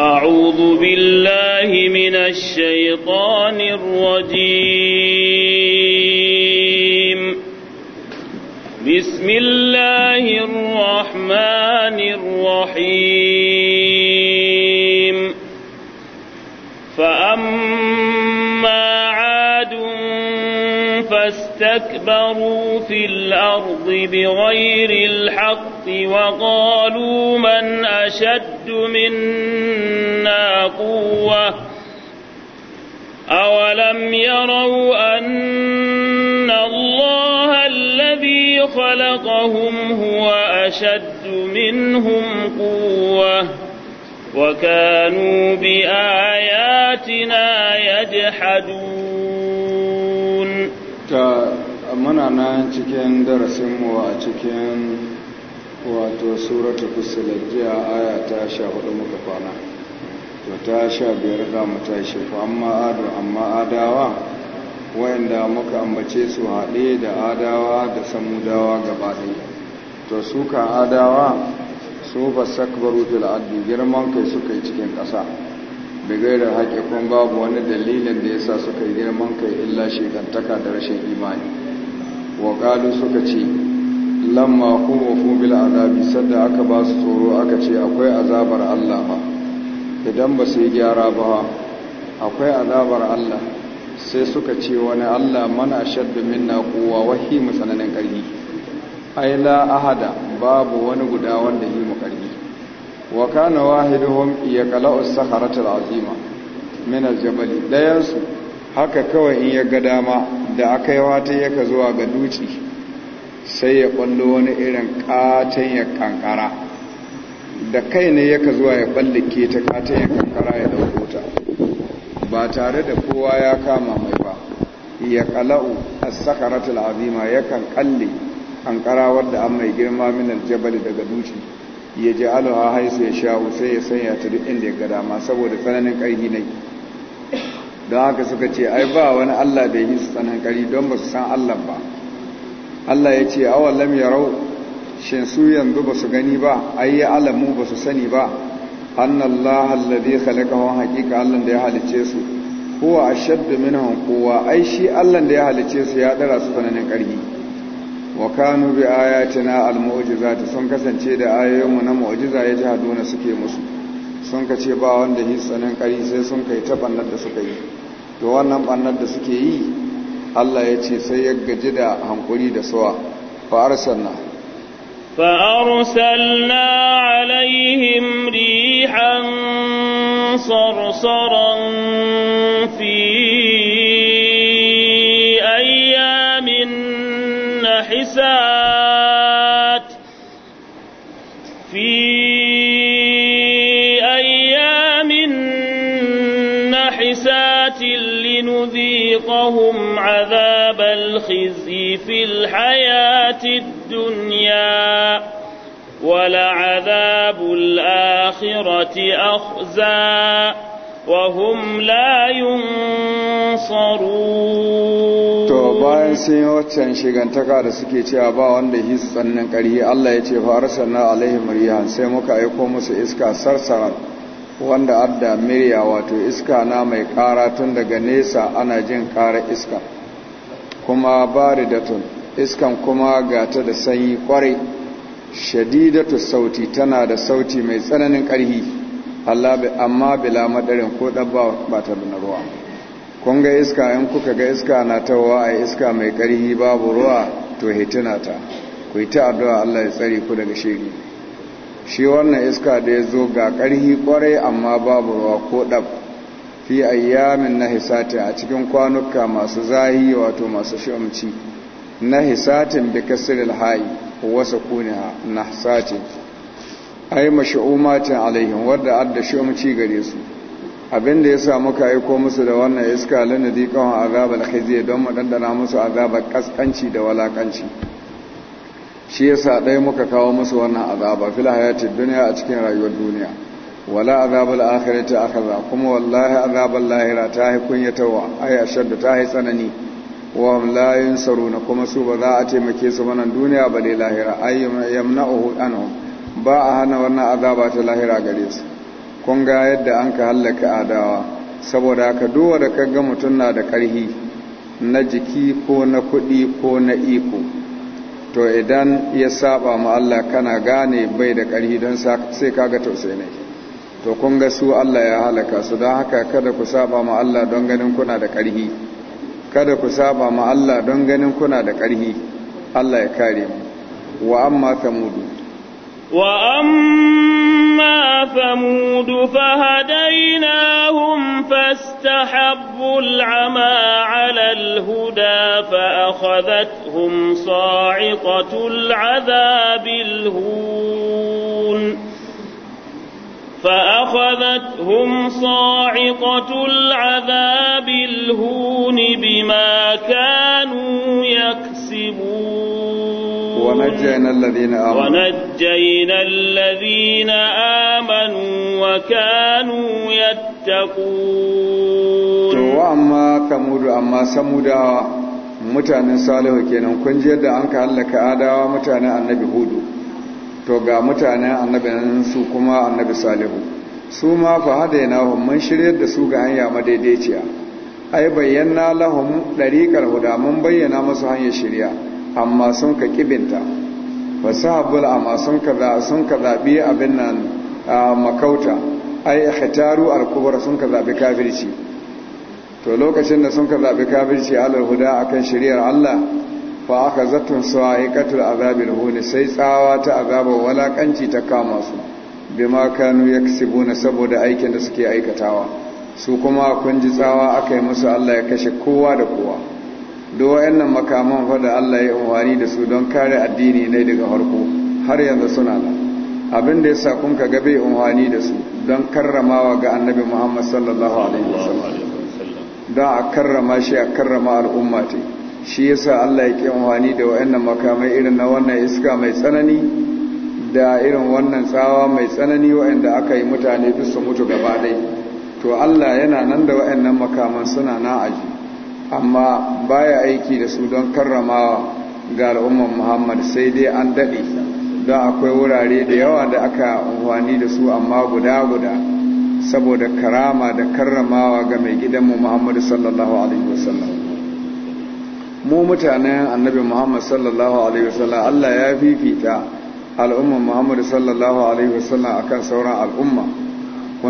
أعوذ بالله من الشيطان الرجيم بسم الله الرحمن الرحيم فأما عاد فاستكبروا في الأرض بغير الحق وقالوا من أشد منا قوة أولم يروا أن الله الذي خلقهم هو أشد منهم قوة وكانوا بآياتنا يجحدون muna nan cikin darasinmu wato suratu fusilar jiya aya ta sha hudu muka kwana to ta sha biyar za mu tashi amma ado amma adawa wayanda muka ambace su haɗe da adawa da samudawa gaba ɗaya to su ka adawa su ba sakbaru fil addu girman kai suka yi cikin ƙasa bigai da haƙe kun babu wani dalilin da yasa suka yi girman kai illa shekantaka da rashin imani wa suka ce lamma kuwafu bil azabi sadda aka ba su tsoro aka ce akwai azabar Allah ba idan ba su yi gyara ba akwai azabar Allah sai suka ce wani Allah mana shaddu minna kowa wahi matsananin ƙarfi ai la ahada babu wani guda wanda yi mu ƙarfi wa kana wahiduhum yaqla'u as azima min aljabal dayansu haka kawai in ya ga dama da aka yi wata yaka zuwa ga duci sai ya ƙwallo wani irin katon ya kankara da kai ne yaka zuwa ya ɓallake ta katon ya kankara ya ɗauko ta ba tare da kowa ya kama mai ba ya kala'u a sakaratul azima yakan ƙalle kankara wadda an mai girma minar jabali daga duci ya ji alawa haisu ya shawo sai ya sanya ta duk inda ya ga dama saboda tsananin ƙarfi ne don haka suka ce ai ba wani Allah da yi su tsananin ƙarfi don ba su san Allah ba Allah ya ce awa lam yarau shin su yanzu ba su gani ba ayi alamu ba su sani ba annallaha alladhi khalaqahum haqiqa Allah da ya halice su huwa ashaddu minhum quwwa ai shi Allah da ya halice su ya dara su sananin karfi wa kanu bi ayatina almu'jizati sun kasance da ayoyinmu na mu'jiza ya jihaduna suke musu sun ka ce ba wanda hisanin kari sai sun kai ta bannar da suka yi to wannan bannar da suke yi Allah ya ce sai ya gaji da hankuri da suwa fa'arsanna fa'arsanna alaihim rihan sarsaran fi ayyamin na hisab لنذيقهم عذاب الخزي في الحياة الدنيا ولعذاب الآخرة أخزى وهم لا ينصرون to bayan sun yi waccan shigantaka da suke cewa ba wanda yi tsannin ƙarhi Allah ya ce fa arsalna alaihim sai muka aiko musu iska sarsaran wanda adda murya wato iska na mai kara tun daga nesa ana jin kara iska kuma bari tun iskan kuma gata da sanyi kwarai shadidatu sauti tana da sauti mai tsananin karhi amma bila madarin ko dabba ba ta da ruwa kun ga iska in kuka ga iska na tawa a iska mai karhi babu ruwa to hitina ta ku yi ta addu'a Allah ya tsare ku daga shege shi wannan iska da ya zo ga ƙarhi ƙwarai amma babu ruwa ko ɗab fi ayyamin na hisatin a cikin kwanuka masu zahi wato masu shi'amci na hisatin bi kasiril ha'i wasa kuniya na hisatin ai mashu'umatin alaihim wadda adda shi'amci gare su abin da ya sa muka aiko musu da wannan iska lanadi kawon azabar khiziya don mu dandana musu azabar kaskanci da walakanci shi yasa ɗaya muka kawo musu wannan azaba fil hayatid duniya a cikin rayuwar duniya wala azabul akhirati akhadha kuma wallahi azabul lahira ta hi kunyatawa ay da ta hi tsanani wa la yansaruna kuma su ba za a taimake su manan duniya ba ne lahira ay yamna'uhu anhum ba a hana wannan azaba ta lahira gare su kun ga yadda an ka hallaka adawa saboda haka duwa da kaga mutum na da ƙarhi na jiki ko na kuɗi ko na iko to idan ya saba ma Allah kana gane bai da ƙarfi don sai kaga tausai ne to kun ga su Allah ya halaka su don haka kada ku saba ma Allah don ganin kuna da ƙarfi kada ku saba ma Allah don ganin kuna da ƙarfi Allah ya kare mu wa amma mudu. وأما ثمود فهديناهم فاستحبوا العمى على الهدى فأخذتهم صاعقة العذاب الهون فأخذتهم صاعقة العذاب الهون بما كانوا يكسبون ونجينا الذين آمنوا ونجينا الذين آمنوا وكانوا يتقون تو أما ثمود أما ثمود mutanen salihu kenan kun ji yadda an ka halaka adawa mutanen annabi hudu to ga mutanen annabi su kuma annabi salihu su ma fa hadaina mun shiryar da su ga hanya madaidaiciya ai bayyana lahum dariqal huda mun bayyana masu hanyar shirya. amma sun ka kibinta ba sahabbul amma sun ka sun abin nan makauta ai ihtaru a sun ka zaɓi kafirci to lokacin da sun ka zaɓi kafirci alal huda akan shari'ar Allah fa aka a sa'iqatul azabil huni sai tsawa ta azaba walaƙanci ta kama su ma kanu saboda aikin da suke aikatawa su kuma kun ji tsawa aka yi musu Allah ya kashe kowa da kowa duk wayannan makaman fada Allah ya umarni da su don kare addini ne daga farko har yanzu suna nan abin da ya sa kun kaga bai umarni da su don karramawa ga annabi Muhammad sallallahu alaihi wasallam Da a karrama shi a karrama al'umma ce shi yasa Allah ya ke umarni da wayannan makamai irin na wannan iska mai tsanani da irin wannan tsawa mai tsanani waɗanda aka yi mutane duk mutu gaba ɗaya. to Allah yana nan da wayannan makaman suna na aji amma baya aiki da su don karramawa ga al'ummar muhammad sai dai an daɗe don akwai wurare da yawa da aka amfani da su amma guda-guda saboda karama da karramawa ga mai gidanmu muhammadu sallallahu alaihi wasallam mu mutanen annabi muhammad sallallahu alaihi wasallam allah ya fifita al'ummar muhammadu sallallahu alaihi wasallam akan sauran al'umma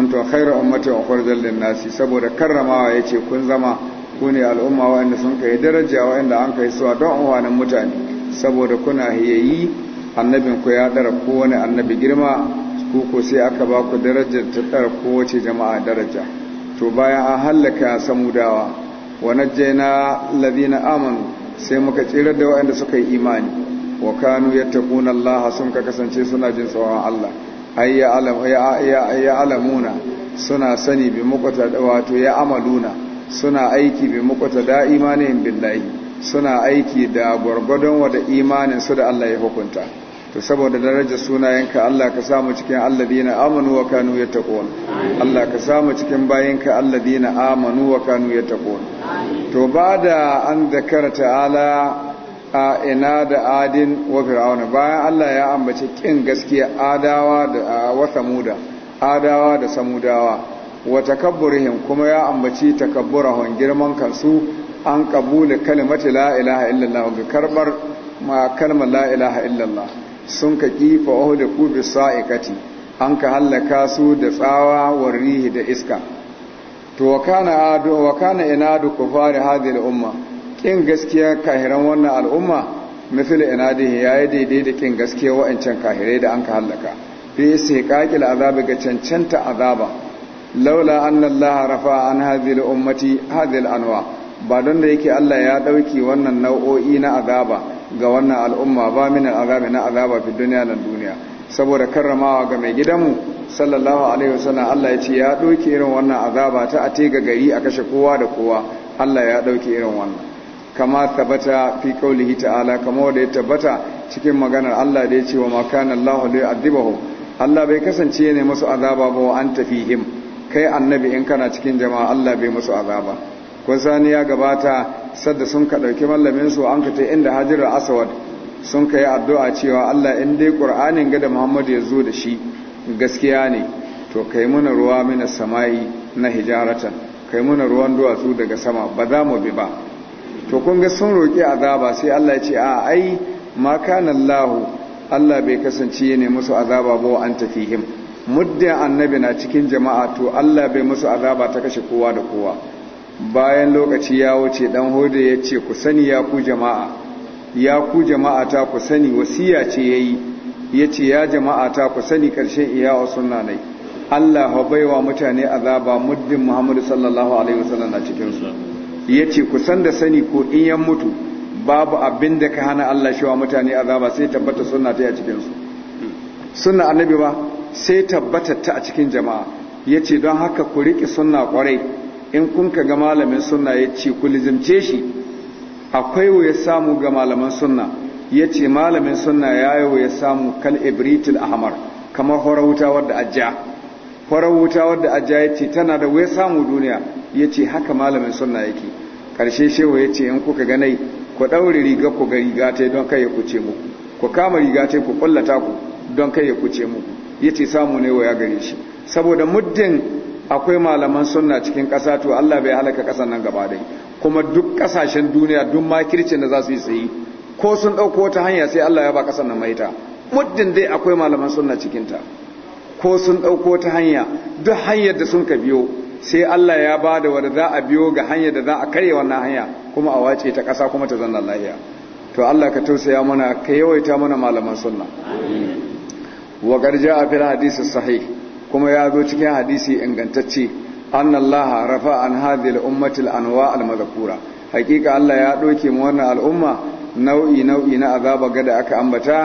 to khairu ummatin ukhrijat lin-nasi saboda karramawa yace kun zama ku ne al'umma wa'anda sun kai daraja wa'anda an kai suwa don wani mutane saboda kuna hiyayi annabin ku ya dara kowane annabi girma ku ko sai aka ba ku darajar ta dara kowace jama'a daraja to bayan an hallaka samudawa wa najjayna ladina amanu sai muka tsira da wa'anda suka yi imani wa kanu yattaquna Allah sun ka kasance suna jin tsawon Allah ayya alam ya alamuna suna sani bi muqata wato ya amaluna suna aiki bi muqata da imanin billahi suna aiki da gwargwadon wadda imanin su da Allah ya hukunta to saboda darajar sunayenka Allah ka samu cikin alladina amanu wa kanu yattaqun Allah ka samu cikin bayinka alladina amanu wa kanu yattaqun to bada an zakara ta'ala a ina da adin wa fir'auna bayan Allah ya ambaci kin gaskiya adawa da wa samuda adawa da samudawa wa takabburihim kuma ya ambaci takabburahum girman kansu an kabula kalimatu la ilaha illallah ga karbar ma kalmar la ilaha illallah sun ka kifa da bi sa'iqati an ka halaka su da tsawa wa rihi da iska to wa kana adu wa kana inadu kufari hadhihi al-umma kin gaskiya kahiran wannan al'umma mithil inadihi yayi daidai da kin gaskiya wa'ancan kahirai da an ka halaka fi sai kaqil azabi ga cancanta azaba laula annallaha rafa an hazi ummati hadhihi anwa ba don da yake Allah ya ɗauki wannan nau'o'i na azaba ga wannan al'umma ba minin azabi na azaba fi duniya nan duniya saboda karramawa ga mai gidanmu sallallahu alaihi wasallam Allah ya ce ya ɗauki irin wannan azaba ta a tega gari a kashe kowa da kowa Allah ya ɗauki irin wannan kama tabbata fi qaulihi ta'ala kama wanda ya tabbata cikin maganar Allah da ya ce wa makana Allahu li Allah bai kasance ne masu azaba ba wa tafi tafihim kai annabi in kana cikin jama'a Allah bai musu azaba kun sani ya gabata sadda sun ka ɗauki mallamin su an kace inda Hajar aswad sun kai addu'a cewa Allah in dai ƙur'anin ga da Muhammadu ya zo da shi gaskiya ne to kai muna ruwa mina sama'i na hijaratan kai muna ruwan duwatsu daga sama ba za mu bi ba to kun ga sun roki azaba sai Allah ya ce a ai ma kana Allah Allah bai kasance ne musu azaba ba wa an tafihim muddin annabi na cikin jama'a to Allah bai musu azaba ta kashe kowa da kowa bayan lokaci ya wuce dan hode ya ce ku sani ya ku jama'a ya ku jama'a ta ku sani wasiya ce yayi ce ya jama'a ta ku sani karshen iyawa sunna ne Allah ha baiwa mutane azaba muddin Muhammadu sallallahu alaihi wasallam na cikin su ce ku san da sani ko in yan mutu babu abin da ka hana Allah shi wa mutane azaba sai tabbata sunna ta ya cikin su sunna annabi ba sai tabbatatta a cikin jama'a yace don haka ku riƙe sunna kwarai in kun ka ga malamin sunna ya ce ku lizimce shi akwai wuya samu ga malaman sunna ya ce malamin sunna ya yi wuya samu kal ibritil ahmar kamar horar wuta wadda ajiya horar wadda ajiya ya ce tana da wuya samu duniya ya ce haka malamin sunna yake karshe shewa ya ce in kuka ganai ku ɗaure riga ku ga riga ta don kai ya kuce muku ku kama riga ta ku ƙullata ku don kai ya kuce mu ya ce samu ne waya gare shi saboda muddin akwai malaman sunna cikin ƙasa to Allah bai halaka ƙasar nan gaba dai kuma duk ƙasashen duniya duk makircin da za su yi sayi ko sun ɗauko wata hanya sai Allah ya ba ƙasar nan maita muddin dai akwai malaman sunna cikin ta ko sun ɗauko ta hanya duk hanyar da sun ka biyo sai Allah ya ba da wadda za a biyo ga hanyar da za a karye wannan hanya kuma a wace ta ƙasa kuma ta zanna lahiya to Allah ka tausaya mana ka yawaita mana malaman sunna wa garja a fil hadisi sahih kuma ya zo cikin hadisi ingantacce annallaha rafa an hadhihi al-ummati al-anwa al-madhkura hakika Allah ya doke mu wannan al'umma nau'i nau'i na azaba gada aka ambata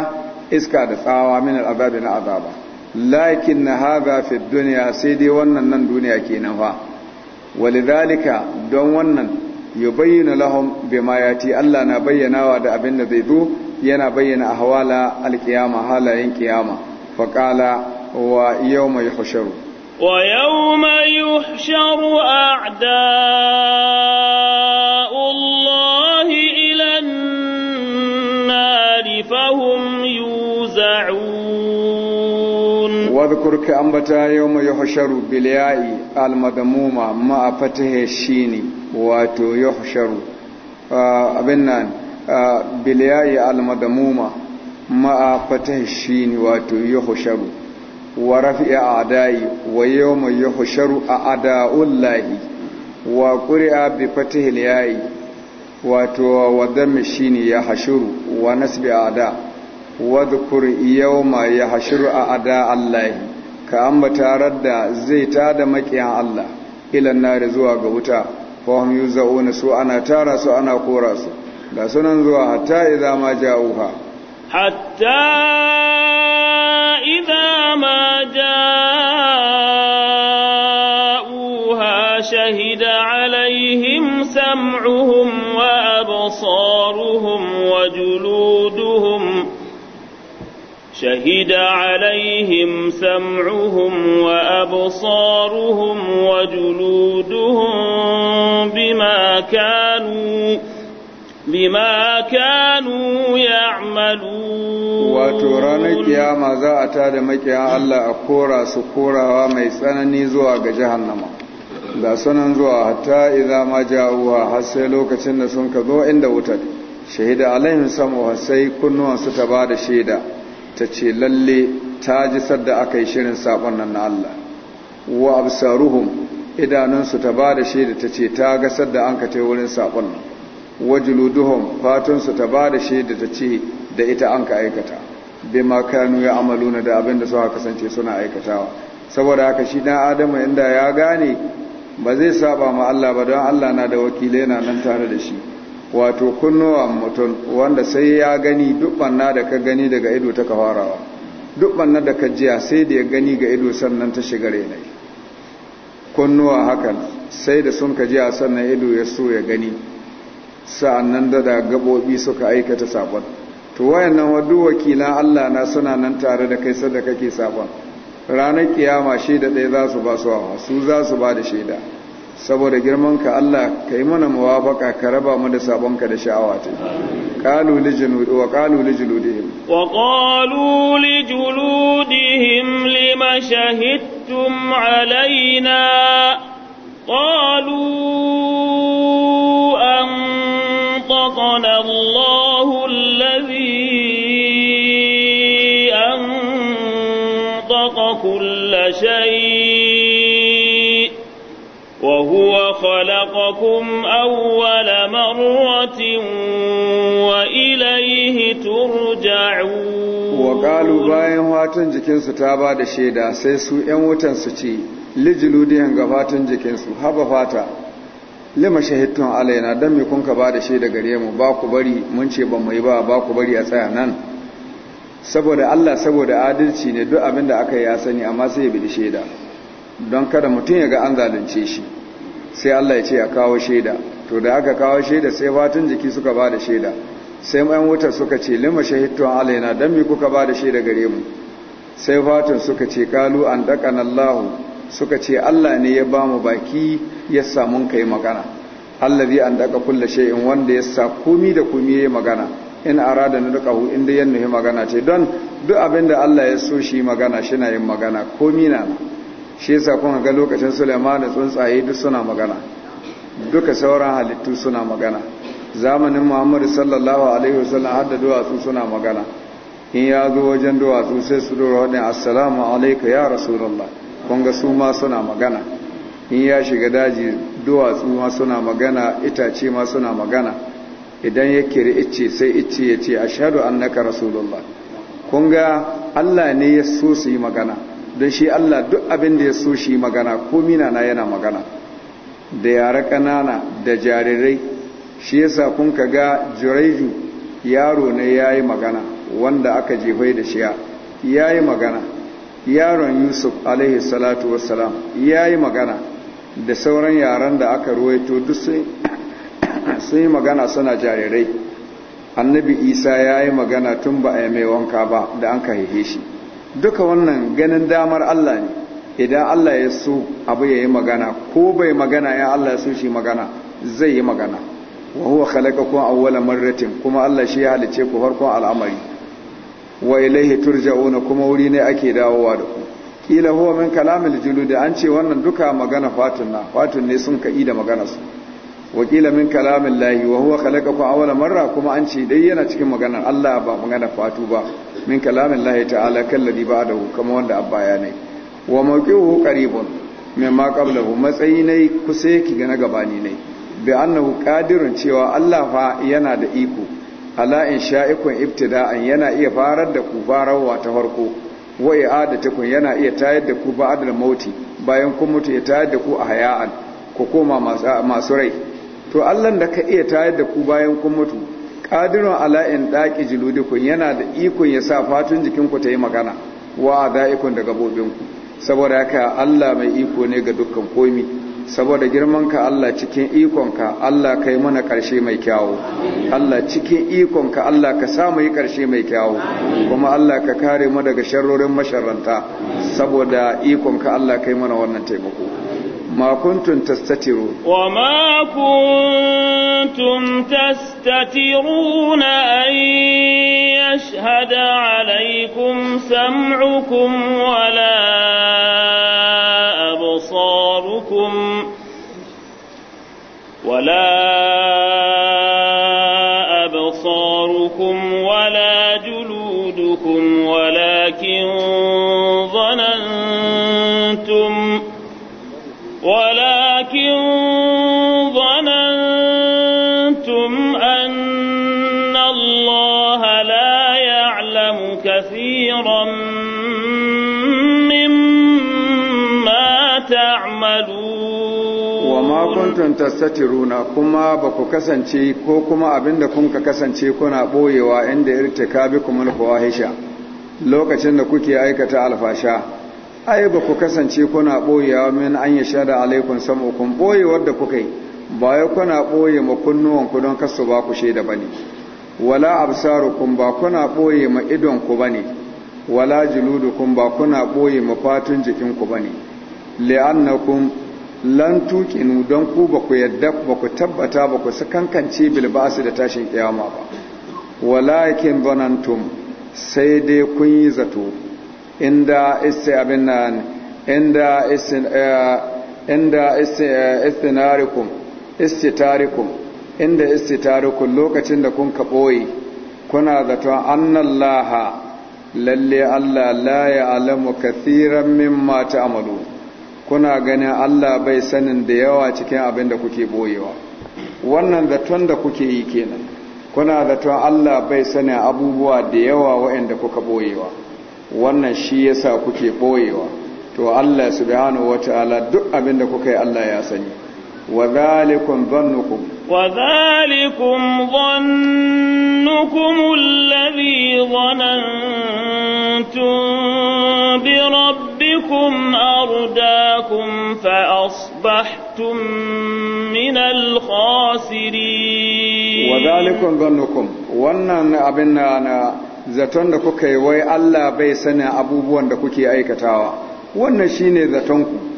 iska da tsawa min al-azabi na azaba lakin hadha fi dunya sai dai wannan nan duniya kenan fa walidhalika don wannan yubayyana lahum bima yati Allah na bayyanawa da abin da zai zo yana bayyana a al-qiyama halayen qiyama فقال ويوم يحشر ويوم يحشر أعداء الله إلى النار فهم يوزعون واذكر كأنبتا يوم يحشر بلياء المدمومة ما أفته الشيني واتو يحشر آه، أبنان آه، بلياء المدمومة ma'a shi ne wato yuhsharu wa rafi'a a'da'i wa yawma yuhsharu a'da'ullahi wa qur'a bi fatihil ya'i wato wa shi ne ya hashuru wa nasbi a'da wa dhkur yawma ya hashuru a'da'allahi ka tarar da zai da makiyan Allah ilan nari zuwa ga wuta fahim yuzauna su ana tara su ana kora su ga sunan zuwa hatta idza ma ja'uha حتى إذا ما جاءوها شهد عليهم سمعهم وأبصارهم وجلودهم شهد عليهم سمعهم وأبصارهم وجلودهم بما كانوا bima kanu ya'malu wato ranar kiyama za a tada makiya Allah a kora su korawa mai tsanani zuwa ga jahannama da sunan zuwa hatta idza ma ja'uha har sai lokacin da sun ka zo inda wutar shahida alaihim samu sai kunnuwan su ta bada shaida ta ce lalle ta ji sadda aka yi shirin sabon nan na Allah wa absaruhum idanunsu ta bada shaida ta ce ta ga sadda an ka wurin sabon nan wajuluduhum fatansu ta ba da shaida ta ce da ita an ka aikata ma kanu ya amaluna da abinda suka kasance suna aikatawa saboda haka shi na adama inda ya gane ba zai saba ma Allah ba don Allah na da wakilai na nan tare da shi wato kunnuwa mutum wanda sai ya gani duk da ka gani daga ido ta ka farawa da ka jiya sai da ya gani ga ido sannan ta shiga rainai kunnuwa hakan sai da sun ka jiya sannan ido ya so ya gani sa'annan da da gabobi suka aikata sabon to wayannan wadu wakilan Allah na suna nan tare da kai sadaka kake sabon ranar kiyama shaida ɗaya za su ba su hawa su za su ba da shaida saboda girmanka Allah ka yi mana mawafaka ka raba mu da sabonka da sha'awa ta qalu li wa li wa qalu li juludihim lima alaina qalu شيء وهو خلقكم أول مرة وإليه ترجعون وقالوا باين واتن جكين ستابا دشيدا سيسو يموتن سچي lijiludin غفاتن جكين سو هابا فاتا lima shahidtun alaina don me kun ka ba da shaida gare mu ba ku bari mun ce ban mai ba ba ku bari a tsaya nan saboda Allah saboda adalci ne duk abin da aka yi ya sani amma sai ya bi shaida don kada mutum ya ga an zalunce shi sai Allah ya ce ya kawo shaida to da aka kawo shaida sai fatan jiki suka ba da shaida sai mayan wutar suka ce lima shahidtu alaina dan me kuka ba da shaida gare mu sai fatan suka ce kalu an daqana Allah suka ce Allah ne ya ba mu baki ya samu kai magana allazi an daka kullu shay'in wanda ya komi da komi yayi magana in arada na dukahu in yin nuhi magana ce don duk abin da Allah ya so shi magana shi na yin magana ko mina shi yasa kun ga lokacin Sulaiman da tsuntsaye duk suna magana duka sauran halittu suna magana zamanin Muhammadu sallallahu alaihi wasallam har da duwatsu suna magana in ya zo wajen duwatsu sai su dora wani assalamu alaika ya rasulallah kunga su ma suna magana in ya shiga daji duwatsu ma suna magana itace ma suna magana idan ya kiri icce sai icce ya ce a an naka rasulullah kun ga Allah ne ya so su yi magana don shi Allah duk abin da ya so shi magana ko mina yana magana da yare ƙanana da jarirai shi yasa kun ka ga juraiju yaro ne ya yi magana wanda aka jefai da shiya yi magana yaron Yusuf alaihi salatu ya yi magana da sauran yaran da aka ruwaito duk sun sun yi magana suna jarirai annabi isa ya yi magana tun ba a yi mai wanka ba da an ka haife shi duka wannan ganin damar allah ne idan allah ya so abu ya yi magana ko bai magana ya allah ya so shi magana zai yi magana wa huwa kun awwala marratin kuma allah shi ya halice ku farkon al'amari wa ilaihi turja'una kuma wuri ne ake dawowa da ku kila huwa min kalamil julud an ce wannan duka magana fatun na ne sun ka'i da magana su wakila min kalamin lahi wa huwa a wani marra kuma an ce dai yana cikin maganar Allah ba magana fatu ba min kalamin lahi ta'ala kalladhi ba'dahu kama wanda abba ya ne wa mawqihu qaribun mimma qablahu matsayi ne kusa yake ga na gabani ne bi annahu qadirun cewa Allah fa yana da iko ala in sha'ikun ibtida'an yana iya farar da ku farawa ta farko wa i'adatukum yana iya tayar da ku ba'dal mauti bayan kun mutu ya tayar da ku a haya'an ku koma masu rai to allan da ka iya tayar da ku bayan kun mutu qadirun ala in daqi yana da ikon ya sa fatun jikin ku ta yi magana wa da'ikun da gabobin ku saboda haka allah mai iko ne ga dukkan komi saboda girman ka allah cikin ikon ka, allah kai mana karshe mai kyawu allah cikin ikon ka allah ka sa mu yi karshe mai kyawu kuma allah ka kare mu daga sharrorin masharranta saboda ikon ka allah kai mana wannan taimako ما كنتم تستترون وما كنتم تستترون أن يشهد عليكم سمعكم ولا أبصاركم ولا أبصاركم ولا جلودكم ولكن خيرا مما تعملون وما كنتم تستترون كما بكو كسانشي كو كما أبند كنك كسانشي كنا بوي وعند ارتكابكم الفواحشة lokacin da kuke aikata alfasha ai ba ku kasance kuna ɓoyewa min an da shaɗa alaikun sam'ukun ɓoyewar da kuka yi ba kuna ɓoye makunnuwanku don kasu ba ku shaida ba ne wala absarukum ba kuna ɓoye ma idonku ba ne wala jiludukum ba kuna boye mafatun jikinku bane la'annakum lan tuqinu dan ku ba ku yadda ba ku tabbata ba ku sakankance bil ba'si da tashin kiyama ba walakin banantum sai dai kun yi zato inda isse abin nan inda isin eh, inda eh, istinarikum inda lokacin da kun ka boye kuna zaton annallaha lalle Allah la ya'lamu kathiran mimma ta'malu kuna ganin Allah bai sanin da yawa cikin abin da kuke boyewa wannan zaton da kuke yi kenan kuna zaton Allah bai sanin abubuwa da yawa waɗanda kuka boyewa wannan shi yasa kuke boyewa to Allah subhanahu wataala duk abin da kuka yi Allah ya sani wa zalikum dhannukum وذلكم ظنكم الذي ظننتم بربكم أرداكم فأصبحتم من الخاسرين وذلكم ظنكم وانا أبنا أنا zaton da kuka yi wai Allah bai sani abubuwan da kuke aikatawa wannan shine zatonku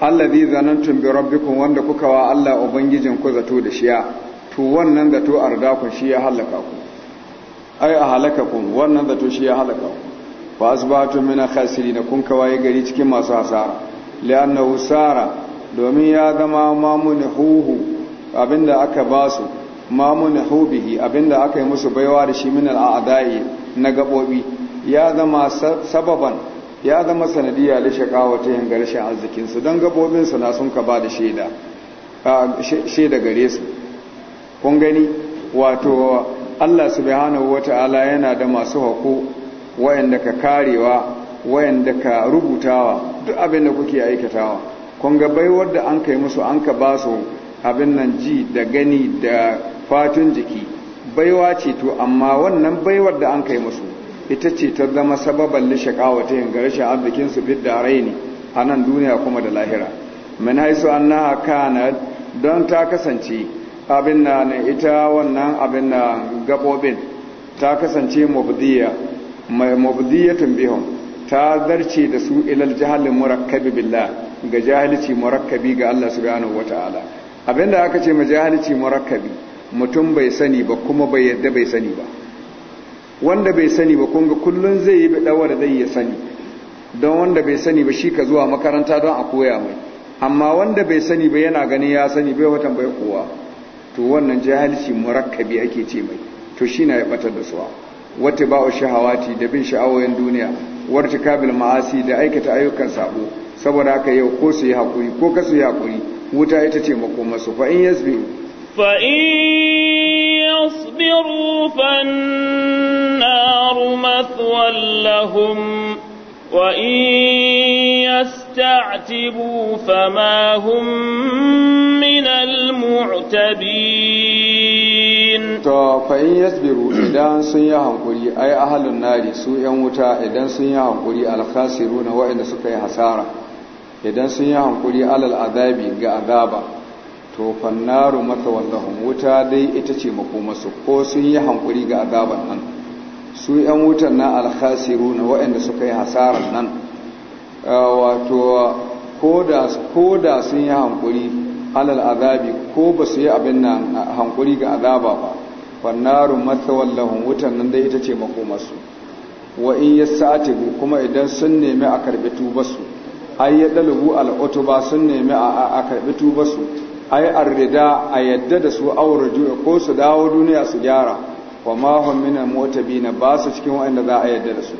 allazi zanantum bi rabbikum wanda kuka wa Allah ubangijin ku zato da shiya to wannan zato arda ku shi ya halaka ku ai a halaka ku wannan zato shi ya halaka ku fa asbatu min khasirin kun kawaye gari cikin masu hasara li'annahu usara domin ya zama huhu abinda aka basu mamunihu bihi abinda aka yi musu baiwa da shi min al'adai na gabobi ya zama sababan ya zama sanadiyya da shakawa ta yin garshen arzikinsu don gabobinsu na sun ka ba da shaida gare su kun gani wato allah subhanahu wata'ala yana da masu hako wayanda ka karewa wayanda ka rubutawa duk abin da kuke aikatawa kun ga baiwar da an kai musu an ka ba su abin nan ji da gani da fatun jiki baiwa ce to amma wannan baiwar da an kai musu ita ce ta zama sababan lishe ta yin garishin arzikin su da raini a nan duniya kuma da lahira min haisu na kana don ta kasance abin na ita wannan abin na gabobin ta kasance mabudiyya mubdiyatun bihum ta zarce da su ilal jahalin murakkabi billah ga jahilci murakkabi ga Allah su gano wataala da aka ce ma jahilci murakkabi mutum bai sani ba kuma bai yadda bai sani ba wanda bai sani ba kunga kullun zai yi bidawa da zai ya sani don wanda bai sani ba shi ka zuwa makaranta don a koya mai amma wanda bai sani ba yana ganin ya sani bai watan bai kowa to wannan jahilci murakkabi ake ce mai to shi na ya batar da suwa wata ba'u shahawati da bin sha'awoyin duniya warci kabil ma'asi da aikata ayyukan sabo saboda haka yau ko su yi hakuri ko ka su yi hakuri wuta ita ce makomarsu fa yasbiru fa'in yasbiru fa'in النار مثوى لهم وإن يستعتبوا فما هم من المعتبين to fa in yasbiru idan sun yi hankuri ai ahalun nari su yan wuta idan sun yi hankuri na waɗanda suka yi hasara idan sun yi hankuri alal azabi ga azaba to fannaru matawallahum wuta dai ita ce makomasu ko sun yi hankuri ga azaban nan su yan wutan na alkhasiru na waɗanda suka yi hasarar nan ah, wato ko da sun yi hankuri alal azabi ko ba su yi abin nan ah, hankuri ga azaba ba fannarun matsawallahun wutan nan da ita ce makomarsu wa in ya sa'atibu kuma idan sun nemi a karɓi tubarsu ai ya ɗalibu ba sun nemi a karbi tubarsu ai arrida a yadda da su aure ko su dawo duniya su gyara wa ma hum min al-mutabina ba su cikin wanda za a yarda da su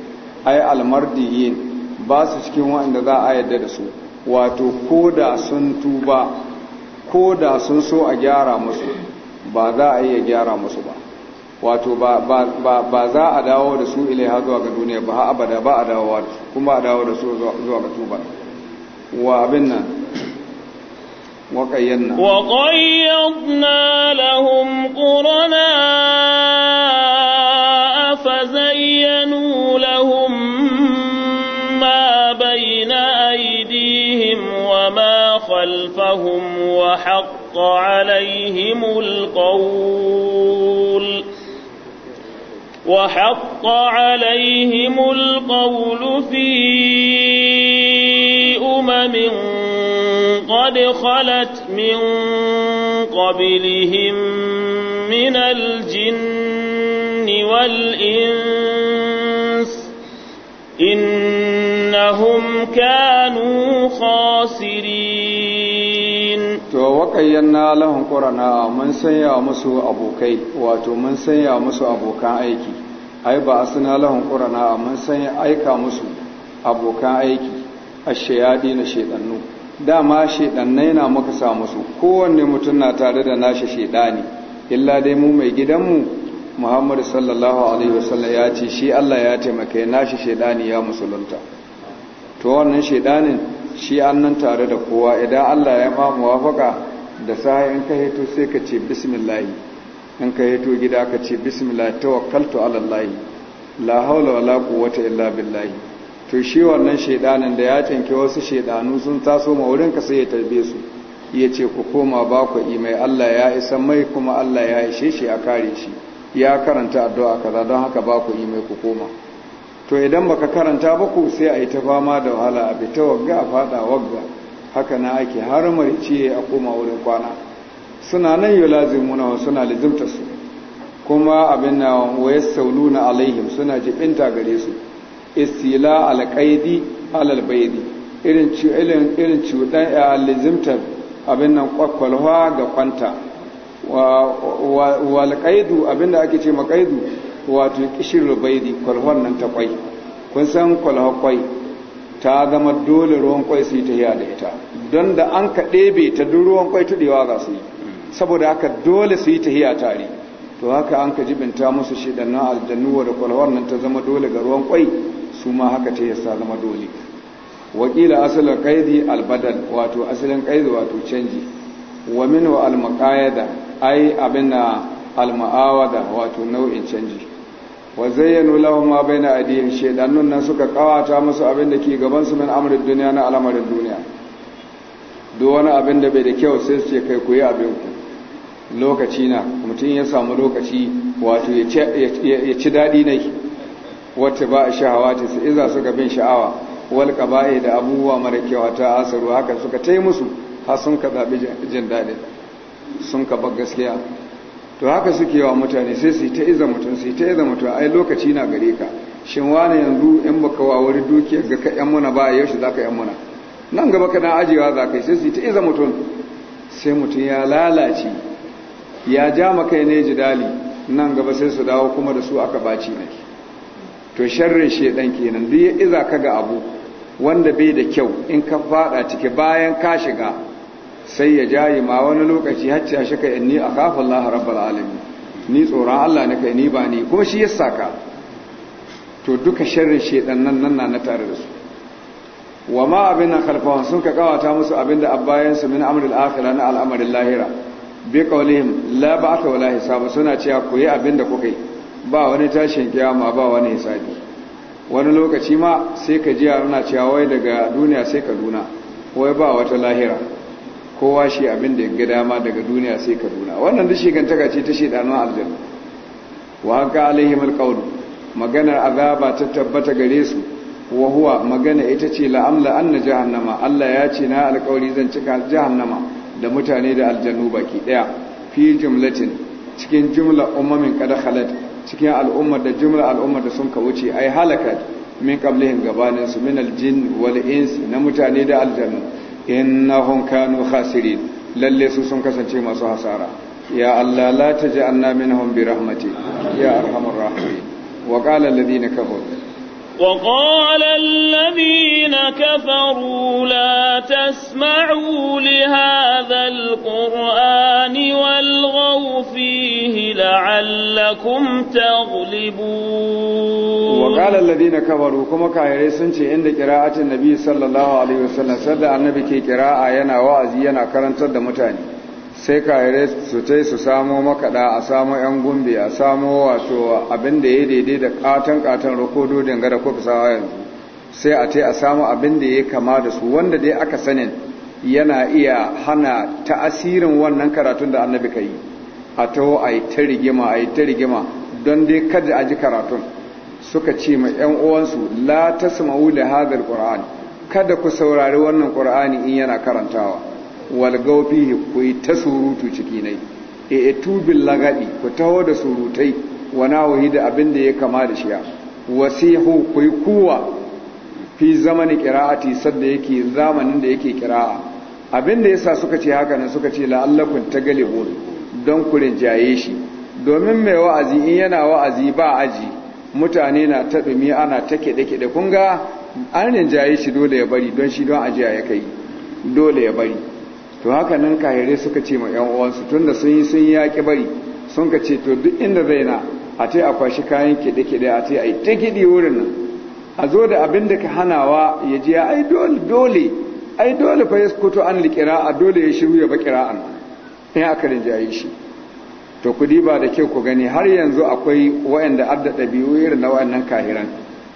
ai al-mardiyin ba su cikin wanda za a yarda da su wato koda sun tuba koda sun so a gyara musu ba za a iya gyara musu ba wato ba za a dawo da su ilaiha zuwa ga duniya ba abada ba a dawowa da su kuma a dawo da su zuwa ga tuba wa abin nan wa qayyadna wa qayyadna lahum qurana وما خلفهم وحق عليهم القول وحق عليهم القول في أمم قد خلت من قبلهم من الجن والإنس إن إنهم كانوا خاسرين to waƙayyanna lahun ƙorana mun sanya musu abokai wato mun sanya musu abokan aiki ai ba a suna lahun ƙorana mun sanya aika musu abokan aiki a shayaɗi na shaiɗannu dama shaiɗannai na muka sa musu kowanne mutum na tare da nashi shaiɗani illa dai mu mai gidanmu muhammadu sallallahu alaihi ya ce shi allah ya taimaka nashi shaidani ya musulunta to wannan shaidanin shi annan tare da kowa idan Allah ya mu wafaka da sai in ka hito sai ka ce bismillah in ka hito gida ka ce bismillah tawakkaltu ala Allah la hawla wala quwwata illa billah to shi wannan shaidanin da ya cinke wasu shaidanu sun taso ma wurin ka sai ya tarbe su ya ce ku koma ba ku imai Allah ya isa mai kuma Allah ya ishe shi a kare shi ya karanta addu'a kaza don haka ba ku imai ku koma to idan baka karanta ba ku sai a yi ta fama da wahala a fita wagga a fada wagga haka na ake har marici a koma wurin kwana suna nan yi lazimuna wa suna lizimta su kuma abin na waye nuna alaihim suna jibinta gare su istila alƙaidi alalbaidi irin irin cuɗan a lizimta abin nan kwakwalwa ga kwanta wa alƙaidu abin da ake ce makaidu wato kishin rubaidi kwalhon nan ta kwai kun san kwalhon kwai ta zama dole ruwan kwai su yi ta hiya da ita don da an ka ɗebe ta duk ruwan kwai tuɗewa ga su yi saboda haka dole su yi ta hiya tare to haka an ka jibinta musu shidannan wa da kwalhon nan ta zama dole ga ruwan kwai su ma haka ta yasa zama dole wakila asalin kaidi albadal wato asalin kaidi wato canji wa minhu almaqayada ai abinna almu'awada wato nau'in canji wa zayyanu lahum ma baina adiyin shaydanun nan suka kawata musu abin da ke gaban su min amrin duniya na al'amarin duniya duk wani abin da bai da kyau sai su ce kai ku yi abin ku lokaci na mutum ya samu lokaci wato ya ci daɗi ne wata ba a shahawa ta su iza suka bin sha'awa wal qaba'i da abubuwa mara kyau ta asaru haka suka tai musu har sun ka zaɓi jin daɗi sun ka bar gaskiya to haka suke yawa mutane sai su yi ta iza mutum su yi ta iza mutum ai lokaci na gare ka shin wani yanzu in baka wani dukiyar ga ka yan muna ba yaushe za ka yan muna nan gaba kana ajiyewa za ka yi sai su yi ta iza mutum sai mutum ya lalace ya ja maka ne jidali nan gaba sai su dawo kuma da su aka baci ne to sharrin shedan kenan duk ya iza ka ga abu wanda bai da kyau in ka fada cike bayan ka shiga sai ya jayi ma wani lokaci hacci a shi ka ni a kafin Allah rabbal ni tsoron Allah na kai ni ba ni kuma shi ya saka to duka sharrin shedan nan nan na tare da su wa ma abin nan karfawan sun ka kawata musu abin da abbayan su min amrul akhirah na al'amarin lahira bi qawlihim la ba'atha wala hisab suna cewa ku yi abin da kuka yi ba wani tashin kiyama ba wani hisabi wani lokaci ma sai ka ji yaruna cewa wai daga duniya sai ka duna wai ba wata lahira kowa shi abin da ya ga dama daga duniya sai ka duna wannan duk shigantaka ce ta shedanu aljanna wa haka alaihim alqawl maganar azaba ta tabbata gare su wa huwa magana ita ce la'amla anna jahannama Allah ya ce na alqawli zan cika jahannama da mutane da aljannu baki daya fi jumlatin cikin jumla ummin kada khalat cikin al'ummar da jumla al'ummar da sun ka wuce ai halakat min qablihim gabanin su min aljin wal ins na mutane da aljannu innahum kanu khasirin lalle su sun kasance masu hasara ya Allah la taj'alna minhum bi rahmati ya arhamar rahimin wa qala alladhina kafaru وقال الذين كفروا لا تسمعوا لهذا القرآن والغوا فيه لعلكم تغلبون وقال الذين كفروا كما كايري سنتي عند قراءة النبي صلى الله عليه وسلم صلى النبي كي قراءة ينا وعزي ينا كرنتر متاني sai ka yi su tai su samo makaɗa a samo 'yan gumbi a samo wato abin da ya daidai da katon-katon rakodo dangada ko sawa yanzu sai a ce a samo abin da ya kama da su wanda dai aka sanin yana iya hana ta'asirin wannan karatun da annabi ka yi a taho a yi ta rigima a yi ta rigima don dai kada a ji karatun suka ce ma 'yan uwansu la ta sama'u da hadar ƙura'ani kada ku saurari wannan ƙura'ani in yana karantawa walgau ku yi ta surutu ciki nai e, e tubin lagabi ku taho da surutai wa nawahi da abin da ya kama da shiya wasihu ku yi kuwa fi zamani kira'ati sadda yake zamanin da yake kira'a abin da ya sa suka ce haka nan suka ce la'allakum tagalibun don ku jaye shi domin mai wa'azi in yana wa'azi ba aji mutane na taɗumi ana ta kiɗe-kiɗe kunga an rinjaye shi dole ya bari don shi don ajiya ya kai dole ya bari to haka nan kahire suka ce ma yan uwansu tunda sun yi sun yaƙi bari sun ka ce to duk inda zai na a ce a kwashi kayan kiɗe-kiɗe a ce a yi ta kiɗi wurin nan a zo da abin da ka hanawa ya ji ai dole dole ai dole fa ya an liƙira a dole ya shiru ya bakira an in aka yi shi to kudi ba da kyau ku gani har yanzu akwai wa'anda adda ɗabi'u irin na waannan kahiran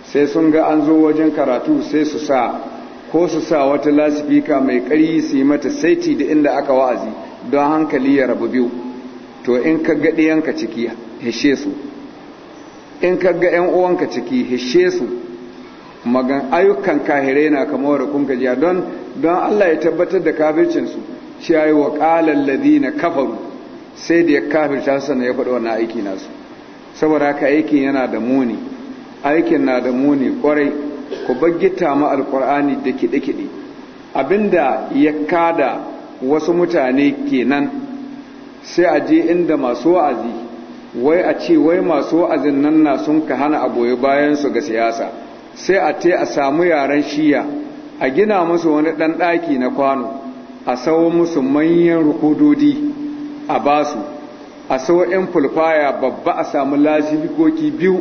sai sun ga an zo wajen karatu sai su sa ko su sa wata lasifika mai ƙari su yi mata saiti da inda aka wa'azi don hankali ya rabu biyu to in ka ga ɗiyanka ciki hishe su in ka ga ‘yan uwanka ciki hishe su magan ayyukan kahirai na kama da gajiya don don Allah ya tabbatar da kafircinsu shi ya yi wa ƙalar na kafaru sai da ya kafirta sannan ya faɗi wannan aiki nasu saboda haka aikin yana da muni aikin na da muni ƙwarai ku baggita ma alkur'ani da kiɗe-kiɗe abinda ya kada wasu mutane kenan sai a je inda masu wa'azi wai a ce wai masu wa'azin nan na sun ka hana a aboye bayansu ga siyasa sai a te a samu yaren shiya a gina musu wani ɗan ɗaki na kwano a sawo musu manyan rukudodi a basu a sawo 'yan fulfaya babba a samu lasifikoki biyu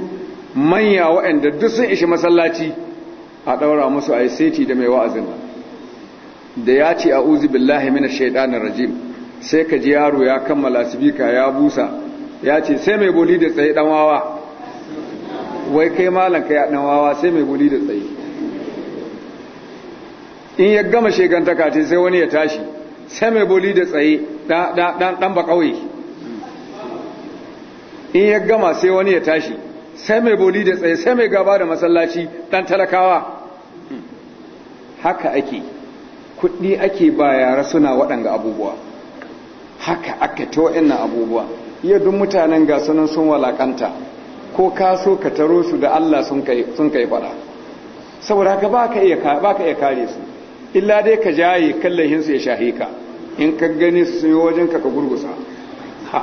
manya waɗanda duk sun ishi masallaci a ɗaura musu a yi seti da mai wa'azin da ya ce a uzi billahi mina shaidanin rajim sai ka ji yaro ya kammala sibika ya busa ya ce sai mai boli da tsaye wawa? wai kai malan ka ya wawa? sai mai boli da tsaye in ya gama shegantaka ce sai wani ya tashi sai mai boli da tsaye ɗan ba ƙauye in ya gama sai wani ya tashi sai mai boli da tsaye sai mai gaba da masallaci dan talakawa haka ake kuɗi ake ba yara suna waɗanga abubuwa haka aka ta waɗannan abubuwa iya duk mutanen ga sunan sun walakanta ko ka so ka taro su da Allah sun kai faɗa saboda haka ba ka iya kare su illa dai ka jaye kallahin su ya shahe ka in ka gani su sun yi wajen ka ka gurgusa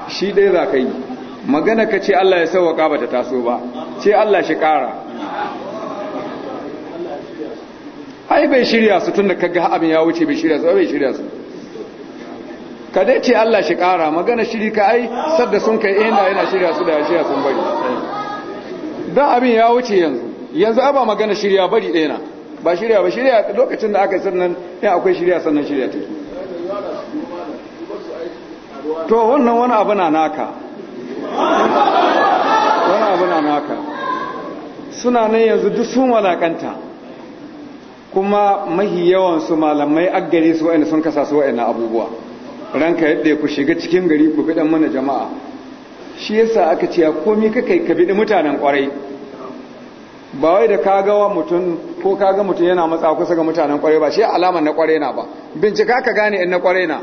shi dai za ka yi magana ka ce Allah ya sauwaka ba ta taso ba ce Allah shi ƙara ai bai shirya su tun da kaga abin ya wuce bai shirya su bai shirya su ka dai ce Allah shi ƙara magana shiri ka ai sadda sun kai inda eh, yana shirya su da shirya sun bari don abin ya wuce yanzu yanzu ba magana shirya bari ɗaya na ba shirya ba shirya lokacin da aka sannan ya akwai shirya sannan shirya take to wannan wani abu na naka wani abu na haka suna nan yanzu duk sun walakanta kuma mahi yawan su malamai aggare su wa'ina sun kasa su wa'ina abubuwa ranka yadda ku shiga cikin gari ku bidan mana jama'a shi yasa aka ce komi ka kai ka bidi mutanen kwarai ba wai da ka ga mutum ko kaga mutum yana matsa kusa ga mutanen kwarai ba shi alamar na kwarai na ba bincika ka gane in na kwarai na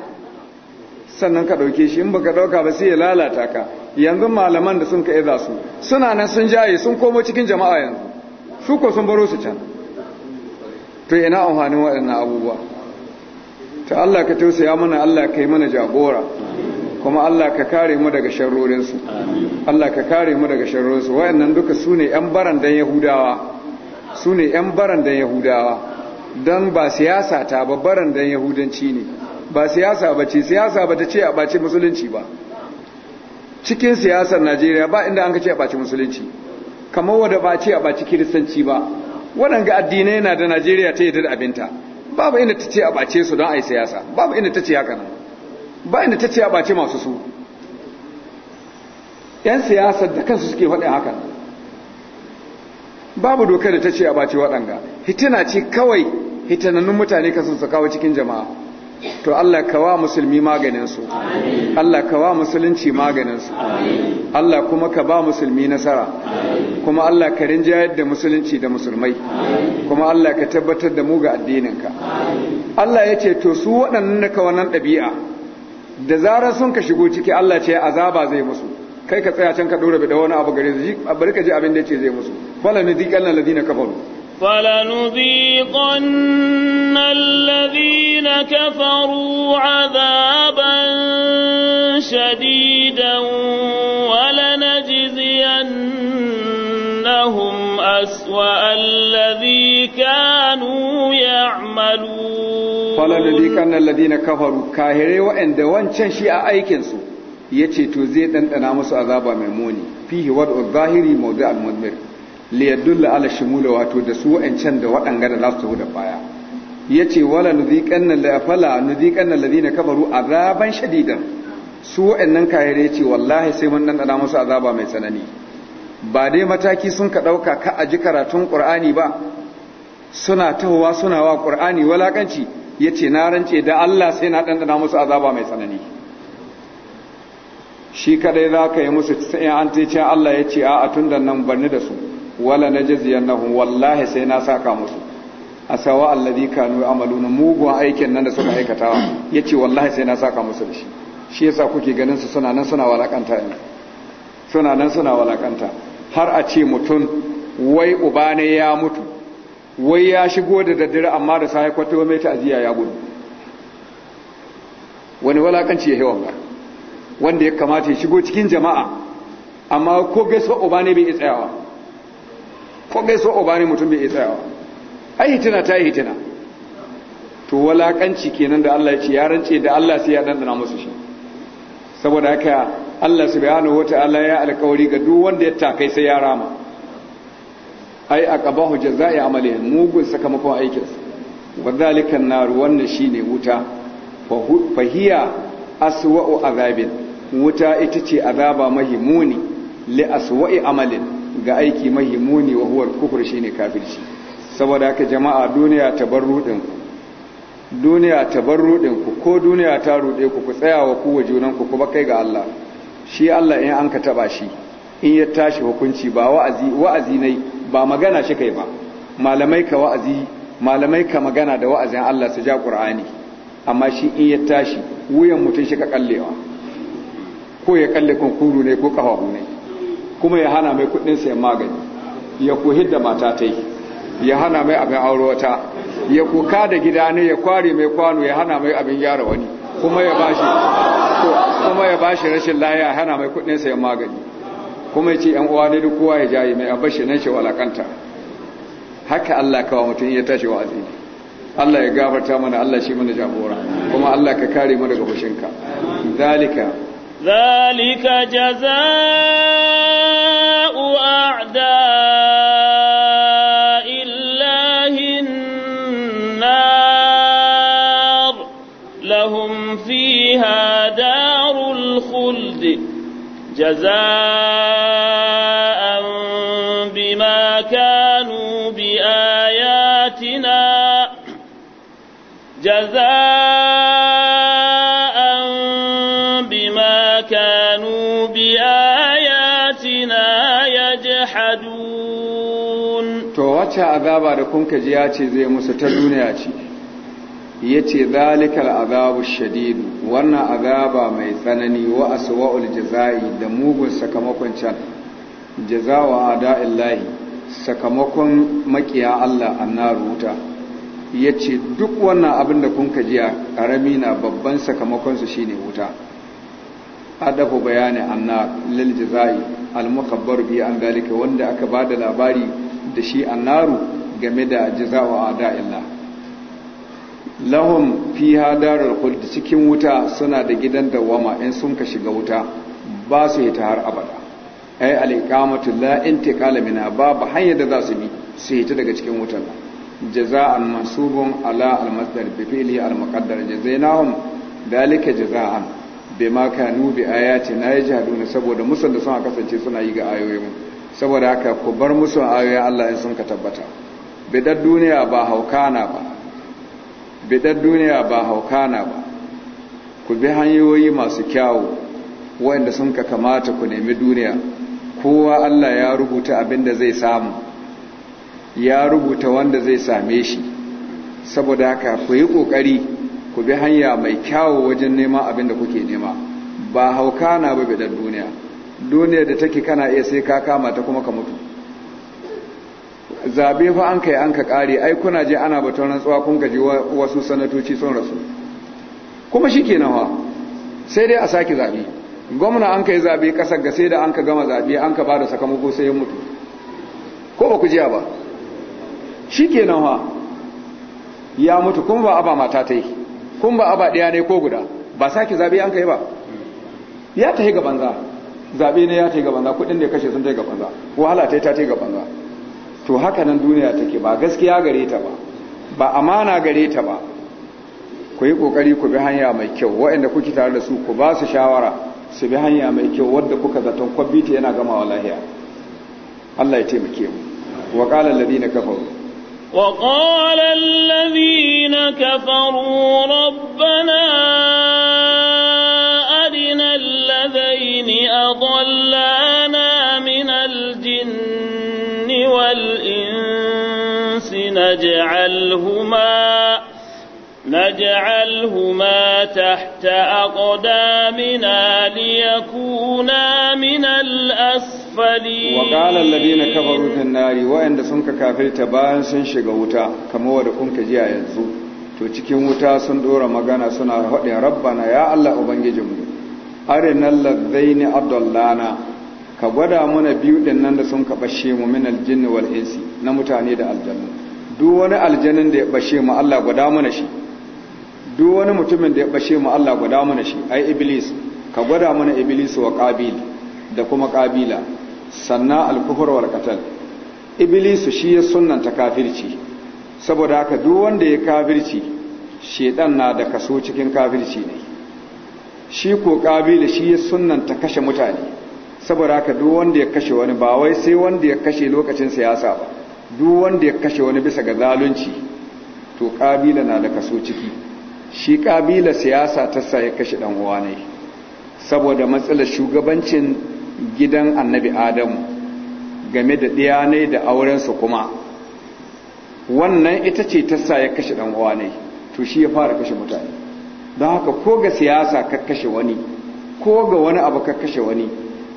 sannan ka ɗauke shi in baka dauka ba sai ya lalata ka yanzu malaman da sun ka iza su suna nan sun jaye sun komo cikin jama'a yanzu su ko sun baro su can to ina amfanin waɗannan abubuwa ta Allah ka tausaya mana Allah ka yi mana jagora kuma Allah ka kare mu daga sharrorinsu Allah ka kare mu daga sharrorinsu wayannan duka su ne ‘yan barandan Yahudawa su ne ‘yan dan Yahudawa don ba siyasa ta ba dan Yahudanci ne ba siyasa ba ce siyasa ba ta ce a ɓace musulunci ba cikin siyasar najeriya ba inda an ka ce a ɓace musulunci kamar wadda ba ce a ɓace kiristanci ba waɗanga addinai na da najeriya ta yadda da abinta babu inda ta ce a ɓace su don a yi siyasa babu inda ta ce haka nan ba inda ta ce a ɓace masu su yan siyasar da kansu suke faɗin haka babu dokar da ta ce a ɓace waɗanga hitina ce kawai hitanannun mutane kasu su kawo cikin jama'a to Allah ka wa musulmi maganin su Allah ka wa musulunci maganin su Allah kuma ka ba musulmi nasara kuma Allah ka rinjayar da musulunci da musulmai kuma Allah ka tabbatar da mu ga addininka Allah ya ce to su waɗannan naka wannan ɗabi'a da zarar sun ka shigo ciki Allah ce azaba zai musu kai ka tsaya can ka ɗora da wani abu gare su bari ka ji abin da ya ce zai musu fala ni diƙan ladina kafaru فلنذيقن الذين كفروا عذابا شديدا ولنجزينهم أسوأ الذي كانوا يعملون فلنذيقن الذين كفروا كاهري وإن دوان شيء أيكنسوا يتي to zai ɗanɗana musu azaba mai muni fihi wad'u zahiri liyadulla ala shumula wato da su wa'ancan da waɗanga da za su tafi da baya ya ce wala nuziƙannan da fala nuziƙannan da kabaru a azaban shadidan su wa'annan kayare ce wallahi sai mun ɗanɗana musu azaba mai tsanani ba dai mataki sun ka ɗauka ka a ji karatun ƙur'ani ba suna tahowa suna wa ƙur'ani walaƙanci ya ce na rance da allah sai na ɗanɗana musu azaba mai tsanani shi kadai za ka yi musu sai an ce Allah ya ce a tun da nan barni da su wala na najziyannahum wallahi sai na saka musu a sawa alladhi kanu amaluna mugun aikin nan da suka aikata yace wallahi sai na saka musu da shi shi yasa kuke ganin su suna nan suna walakanta ne suna nan suna walakanta har a ce mutum wai uba ne ya mutu wai ya shigo da daddare amma da sai kwato mai ta'aziya ya gudu wani walakanci ya hewan ga wanda ya kamata ya shigo cikin jama'a amma ko gaisuwa uba ne bai tsayawa ko gaiso uba ne mutum bai tsayawa ai hitina ta yi hitina to walakanci kenan da Allah ya ce ya rance da Allah sai ya dandana musu shi saboda haka Allah subhanahu wata'ala ya alkawari ga duk wanda ya takai sai ya rama ai aqabahu jazaa'i amalihi mugun sakamakon aikinsa sa wadhalikan nar wannan shine wuta fahiya aswa'u azabin wuta ita ce azaba mahimuni li aswa'i amalin ga aiki mahimuni wa huwar kufur ne kafirci saboda haka jama'a duniya ta bar rudinku duniya ta bar ko duniya ta rude ku ku tsaya wa kuwa junanku kuma kai ga Allah shi Allah in an ka taba shi in ya tashi hukunci ba wa'azi wa'azi ne ba magana shi kai ba malamai ka wa'azi malamai ka magana da wa'azin Allah su ja Qur'ani amma shi in ya tashi wuyan mutun shi ka kallewa ko ya kalle kunkuru ne ko kafafu ne kuma ya hana mai kudin sayan magani ya kuhid da mata ta yi ya hana mai abin aure wata ya kuka da gida ne ya kware mai kwano ya hana mai abin gyara wani kuma ya bashi kuma ya bashi rashin hana mai kudin sayan magani kuma ya ce yan uwa ne duk kowa ya jayi mai abashi nan shi walakanta haka Allah wa mutum ya tashi wa ne Allah ya gafarta mana Allah shi mana jagora kuma Allah ka kare mu daga fushinka zalika zalika jazaa أعداء الله النار لهم فيها دار الخلد جزاء بما كانوا بآياتنا جزاء waccan azaba da kun kaji ya ce zai musu ta duniya ce ya ce zalikar azabu shadidu wannan azaba mai tsanani wa asuwa'ul jaza'i da mugun sakamakon can da'in lahi sakamakon makiya Allah annaru wuta ya ce duk wannan abin da kun kaji a ƙarami na babban sakamakonsu ne wuta adafu bayani annar lil jaza'i al-mukhabbar an dalika wanda aka ba da labari da shi annaru game da jaza'u a'da'illah lahum fiha darul khuld cikin wuta suna da gidan dawama in sun ka shiga wuta ba su yi har abada ai al-iqamatu la intiqala mina babu hanyar da za su bi su yi ta daga cikin wutan jaza'an mansubun ala al-masdar bi fi'li al-muqaddar jazainahum dalika jaza'an bima kanu bi na yajhaduna saboda musan da sun kasance suna yi ga ayoyin saboda haka ku bar musu ayoyin Allah in sun ka tabbata bidar duniya ba haukana ba bidar duniya ba haukana ba ku bi hanyoyi masu kyawu wanda sun ka kamata ku nemi duniya kowa Allah ya rubuta abin da zai samu ya rubuta wanda zai same shi saboda haka ku yi ƙoƙari ku bi hanya mai kyawu wajen nema abin da kuke nema ba haukana ba bidar duniya duniyar da take kana iya sai ka kama ta kuma ka mutu zabe fa an kai an ka kare ai kuna je ana batun rantsuwa kun gaji wasu sanatoci sun rasu kuma shi ke nawa sai dai a sake zabe gwamna an kai zabe kasar ga sai da an ka gama zabe an ka ba da sakamako sai ya mutu ko ba ku jiya ba shi ke nawa ya mutu kun ba aba mata ta yi kun ba aba ɗaya ne ko guda ba sake zabe an kai ba ya tahi ga banza Zaɓe ne ya ce banza kudin da ya kashe sun ce banza ko wahala ta yi ta ce banza to haka nan duniya take ba gaskiya gare ta ba ba amana gare ta ba ku yi kokari ku bi hanya mai kyau waɗanda kuke tare da su ku ba su shawara su bi hanya mai kyau wadda kuka zaton kwabita yana gamawa lahiya Allah ya taimake mu wa qala alladhina kafaru وقال الذين كفروا ربنا أضلانا من الجن والإنس نجعلهما نجعلهما تحت أقدامنا ليكونا من الأسفلين وقال الذين كفروا في النار وإن سنك كافر تبان سنشق وطا كما ودكم كجيا ينزو to cikin wuta sun dora magana suna haɗin rabbana ya Allah Ubangijinmu arinan ne abdullana ka gwada mana biyu din nan da sun ka bashe mu min aljinni wal insi na mutane da aljannu duk wani aljannin da ya bashe mu Allah gwada mana shi duk wani mutumin da ya bashe mu Allah gwada mana shi ai iblis ka gwada mana iblis wa qabil da kuma qabila sannan al katal. wal qatal iblis shi ya ta kafirci saboda haka duk wanda ya kafirci shedan na da kaso cikin kafirci ne shi ko kabila shi ya sunanta kashe mutane saboda haka duk wanda ya kashe wani ba wai sai wanda ya kashe lokacin siyasa ba duk wanda ya kashe wani bisa ga zalunci to ƙabila na da kaso ciki shi kabila siyasa ta sa ya kashe ɗan uwa ne saboda matsalar shugabancin gidan annabi adamu game da ɗiya ne da aurensu kuma wannan ita ce ta sa ya kashe ɗan uwa ne to shi ya fara kashe mutane don haka ko ga siyasa ka kashe wani ko ga wani abu ka kashe wani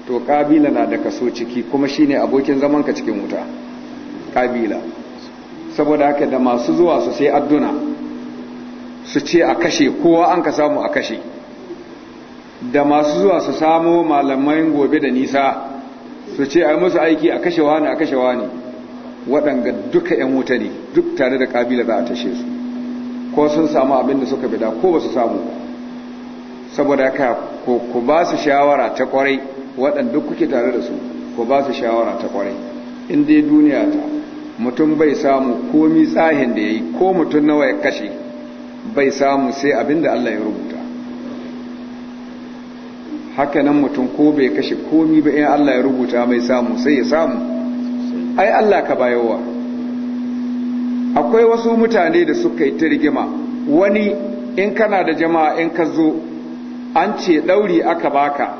to kabila na da kaso ciki kuma ne abokin zaman ka cikin wuta kabila saboda haka da masu zuwa su sai adduna su ce a kashe kowa an ka samu a kashe da masu zuwa su samo malamai gobe da nisa su ce a musu aiki a kashe wani a kashe wani waɗanga duka 'yan wuta ne duk tare da kabila za a tashe su ko sun samu abin da suka bida ko ba su samu saboda ka ku ba su shawara ta kwarai waɗanda kuke tare da su ku ba su shawara ta kwarai in dai duniya ta mutum bai samu komi tsahin da ya yi ko mutum nawa ya kashe bai samu sai abin da Allah ya rubuta hakanan mutum ko bai kashe komi ba in Allah ya rubuta mai samu sai ya samu ai Allah ka bayowa akwai wasu mutane da suka yi ta wani in kana da jama'a in ka zo an ce ɗauri aka baka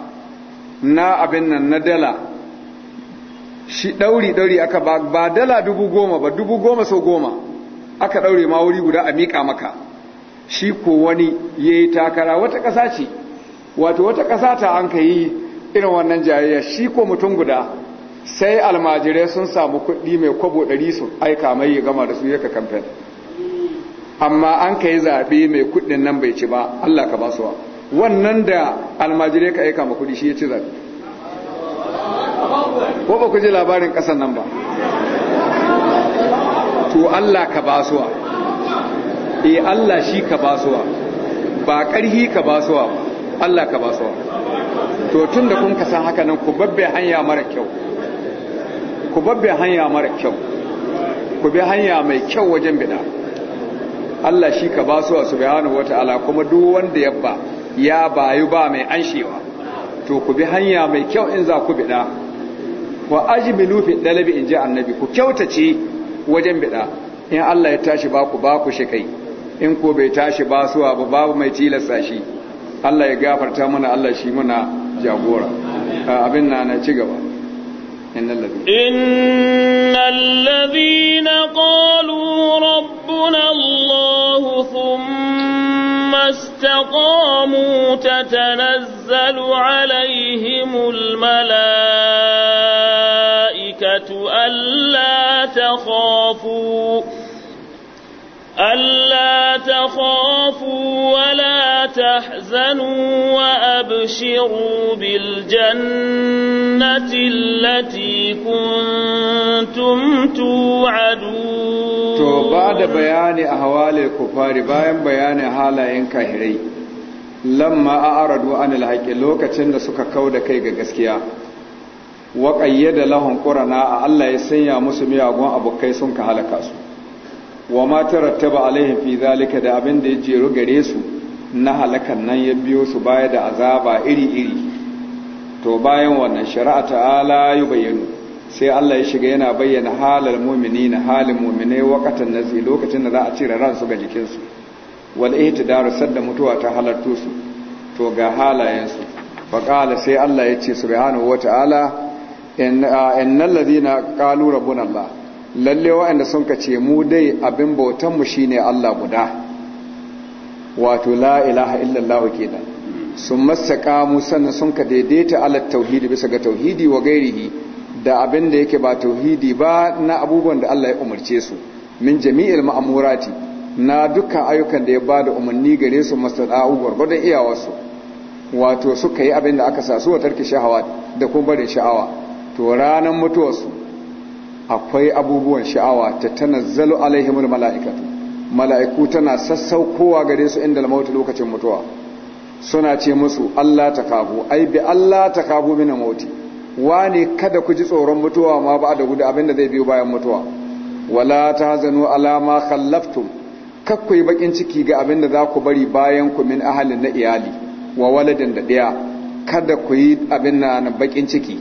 na abin nan na dala shi ɗauri ɗauri aka ba ba dala dubu goma ba dubu goma sau goma aka ɗaure ma wuri guda a miƙa maka shi ko wani ya yi takara wata ƙasa ce wato wata ƙasa ta an ka yi irin wannan jayayya shi ko mutum guda sai almajirai sun samu kuɗi mai kwabo ɗari su aika mai ya gama da su yaka kamfen amma an ka yi zaɓe mai kuɗin nan bai ci ba Allah ka ba su wannan da almajirai ka aika ma kuɗi shi ya ci zaɓe ko ba ku ji labarin ƙasan nan ba to Allah ka ba su e Allah shi ka ba su ba ƙarhi ka ba su Allah ka ba su to tun da kun ka san haka nan ku babbe hanya mara kyau ku babbe hanya mara kyau ku bi hanya mai kyau wajen bida Allah shi ka ba su wa subhanahu wata'ala kuma duk wanda ya ba ya bayu ba mai anshewa to ku bi hanya mai kyau in za ku bida wa ajmilu fi dalabi in ji annabi ku kyautace wajen bida in Allah ya tashi ba ku ba ku shi kai in ko bai tashi ba su ba babu mai tilasta shi Allah ya gafarta mana Allah shi muna jagora abin na na ci gaba إن الذين إن الذين قالوا ربنا الله ثم استقاموا تتنزل عليهم الملائكة ألا تخافوا ألا تخافوا ولا تحزنوا وأبشروا بالجنة التي كنتم توعدون تو بعد بيان أهوال الكفار باين بيان هالا إن كهري لما أعرضوا عن الحق لوكتين سكا كودا كيغا غسكيا وقيد لهم قرنا الله يسيا مسمي أبوان أبو كيسون كهلكاسو wa ma tarattaba alaihim fi zalika da abin da ya jeru gare su na halakan nan ya biyo su baya da azaba iri-iri to bayan wannan shari'a ta'ala ya bayyana sai Allah ya shiga yana bayyana halal mu'minina halin mu'minai wakatan nazi lokacin da za a cire ransu ga jikinsu wal ihtidaru sadda mutuwa ta halartu su to ga halayensu fa qala sai Allah ya ce subhanahu wata'ala in innal ladina qalu rabbuna Allah lalle waɗanda sun ka ce mu dai abin bautanmu shi ne Allah guda wato la ilaha illallah kenan sun masaka mu sannan sun ka daidaita alat tauhidi bisa ga tauhidi wa gairihi da abin da yake ba tauhidi ba na abubuwan da Allah ya umarce su min jami'il ma'amurati na dukkan ayyukan da ya ba da umarni gare su masada'u gwargwadon iyawarsu wato suka yi abin da aka sasu su wa tarki shahawa da kuma barin sha'awa to ranar mutuwarsu akwai abubuwan sha'awa ta tana zalo alaihimul mala'ikatu mala'iku tana sassaukowa gare su inda al lokacin mutuwa suna ce musu Allah ta kafu ai bi Allah ta kafu mina mauti wani kada ku ji tsoron mutuwa ma ba da gudu abinda zai biyo bayan mutuwa wala tahzanu ala ma khallaftum kakwai bakin ciki ga abinda za ku bari bayan ku min ahalin na iyali wa waladin da daya kada ku yi abin na bakin ciki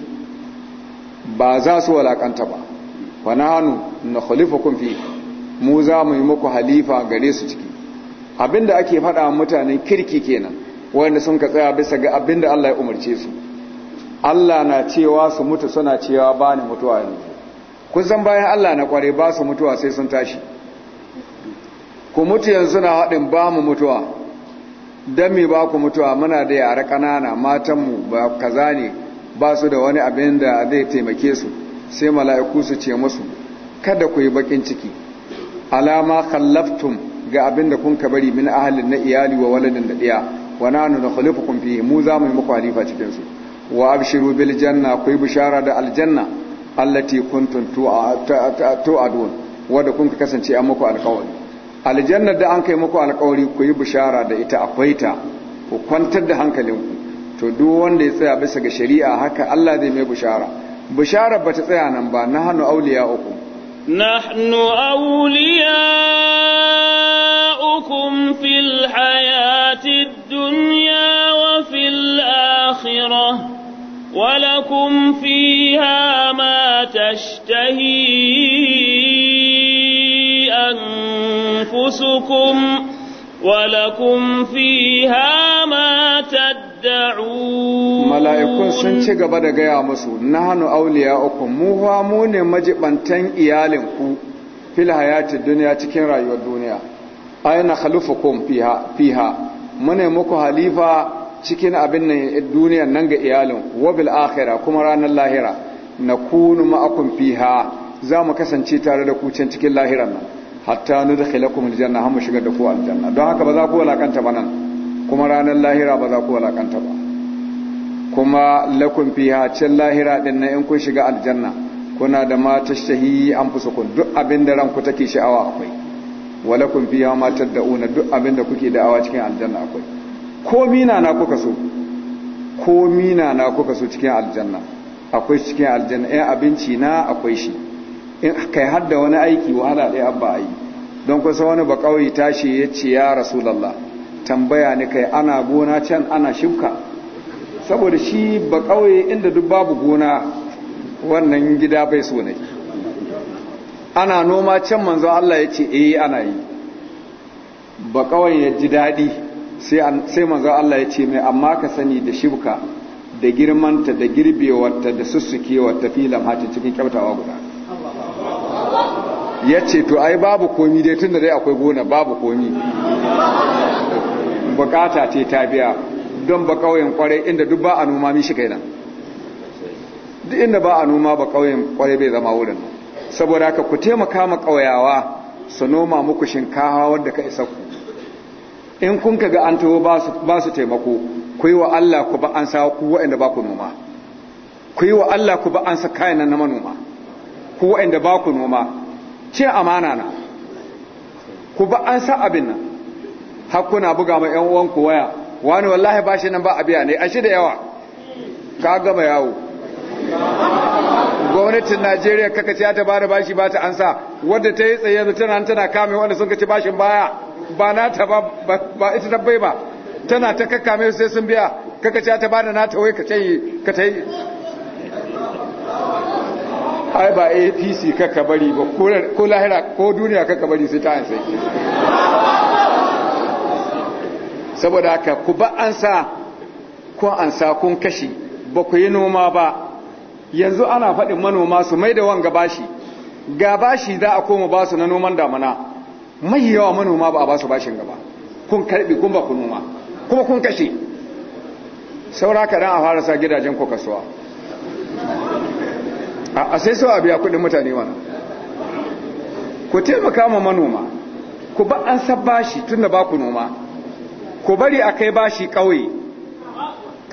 ba za su walakanta ba fa na nakhlifukum fi mu za mu yi muku halifa gare su ciki abinda ake faɗa mutanen kirki kenan wanda sun ka tsaya bisa ga abinda Allah ya umarce su Allah na cewa su mutu suna cewa ba ni mutuwa yanzu kun san bayan Allah na kware ba su mutuwa sai sun tashi ku mutu yanzu na haɗin ba mu mutuwa don me ba ku mutuwa muna da yara ƙanana matanmu ba kaza ne ba su da wani abin da zai taimake su sai mala'iku su ce masu kada ku yi bakin ciki alama kallaftun ga abin da kun ka bari min ahalin na iyali wa waladin da ɗaya wa nanu na kun fiye mu za mu yi muku halifa cikinsu wa abshiru bil janna ku yi bishara da aljanna allati kuntum tu'adun wanda kun ka kasance an muku alƙawari aljanna da an kai muku alƙawari ku yi bishara da ita akwai ta ku kwantar da hankalinku to duk wanda ya tsaya bisa ga shari'a haka Allah zai mai bishara bishara bata tsaya nan ba na hannu auliya uku nahnu auliya ukum fil hayati dunya wa fil akhirah ولكم فيها ما تشتهي أنفسكم ولكم فيها ما تشتهي mala'ikun sun ci gaba da gaya musu auliya uku mu fa mu ne majibantan iyalinku fil hayatid dunya cikin rayuwar duniya ayna khalufukum fiha fiha mu ne muku halifa cikin abin nan duniyar nan ga iyalin wa bil akhira kuma ranar lahira nakunu ma'akum fiha za mu kasance tare da ku cikin lahiran nan hatta nudkhilakum aljanna har mu da ku aljanna don haka ba za ku walakanta ba nan kuma ranar lahira ba za ku walakanta ba kuma lakun fiha can lahira din na in kun shiga aljanna kuna da mata shahi an fi sukun duk abin da ranku take sha'awa akwai walakun fiha matar da'una duk abin da kuke da'awa cikin aljanna akwai ko mina na kuka so ko mina na kuka so cikin aljanna akwai cikin aljanna ɗaya abinci na akwai shi in kai har da wani aiki wahala ɗaya abba a yi don kusa wani ba ƙauye tashi ya ce ya rasulallah tambaya ne kai ana gona can ana shibka saboda shi ba kauye inda duk babu gona wannan gida bai so ne ana noma can manzo Allah ya ce eh ana yi ba kawai ya ji daɗi sai manzo Allah ya ce mai amma ka sani da shibka da girmanta da girbewarta da sussukewarta filan hatin cikin kyautawa guda ya to ai babu komi dai tun da dai akwai gona babu komi bukata ce ta biya don ba kauyen kwarai inda duk ba a noma mishi nan duk inda ba a noma ba kauyen kwarai bai zama wurin saboda ka ku taimaka ma kauyawa su noma muku shinkawa wadda ka isa ku in kun ga an taho ba su taimako ku yi wa Allah ku ba an sa ku waɗanda ba ku noma ku yi wa Allah ku ba an sa kayan na manoma ku waɗanda ba ku noma ce amana na ku ba an sa abin nan hakuna buga ma yan uwan waya wani wallahi ba shi nan ba a biya ne shi da yawa ka gama yawo gwamnatin najeriya kaka ce ta bada bashi ba ta ansa wadda ta yi tsaye tana tana kame wanda sun kaci bashin baya ba na ta ba ba ita tabbai ba tana ta kakkame sai sun biya kaka ce ta bada na ta wai ka yi ka ta yi ai ba apc kaka bari ba ko lahira ko duniya kaka bari sai ta ansa saboda haka ku ba an sa kun an sa kun kashi ba ku yi noma ba yanzu ana faɗin manoma su mai da wanga bashi ga bashi za a koma basu na noman damana mai yawa manoma ba a basu bashin gaba kun karbi kun ba ku noma kuma kun kashe saura ka dan a fara sa gidajen ku kasuwa a sai sau a biya kuɗin mutane wani ku taimaka ma manoma ku ba an sa bashi tun da ba ku noma ku bari a kai bashi ƙauye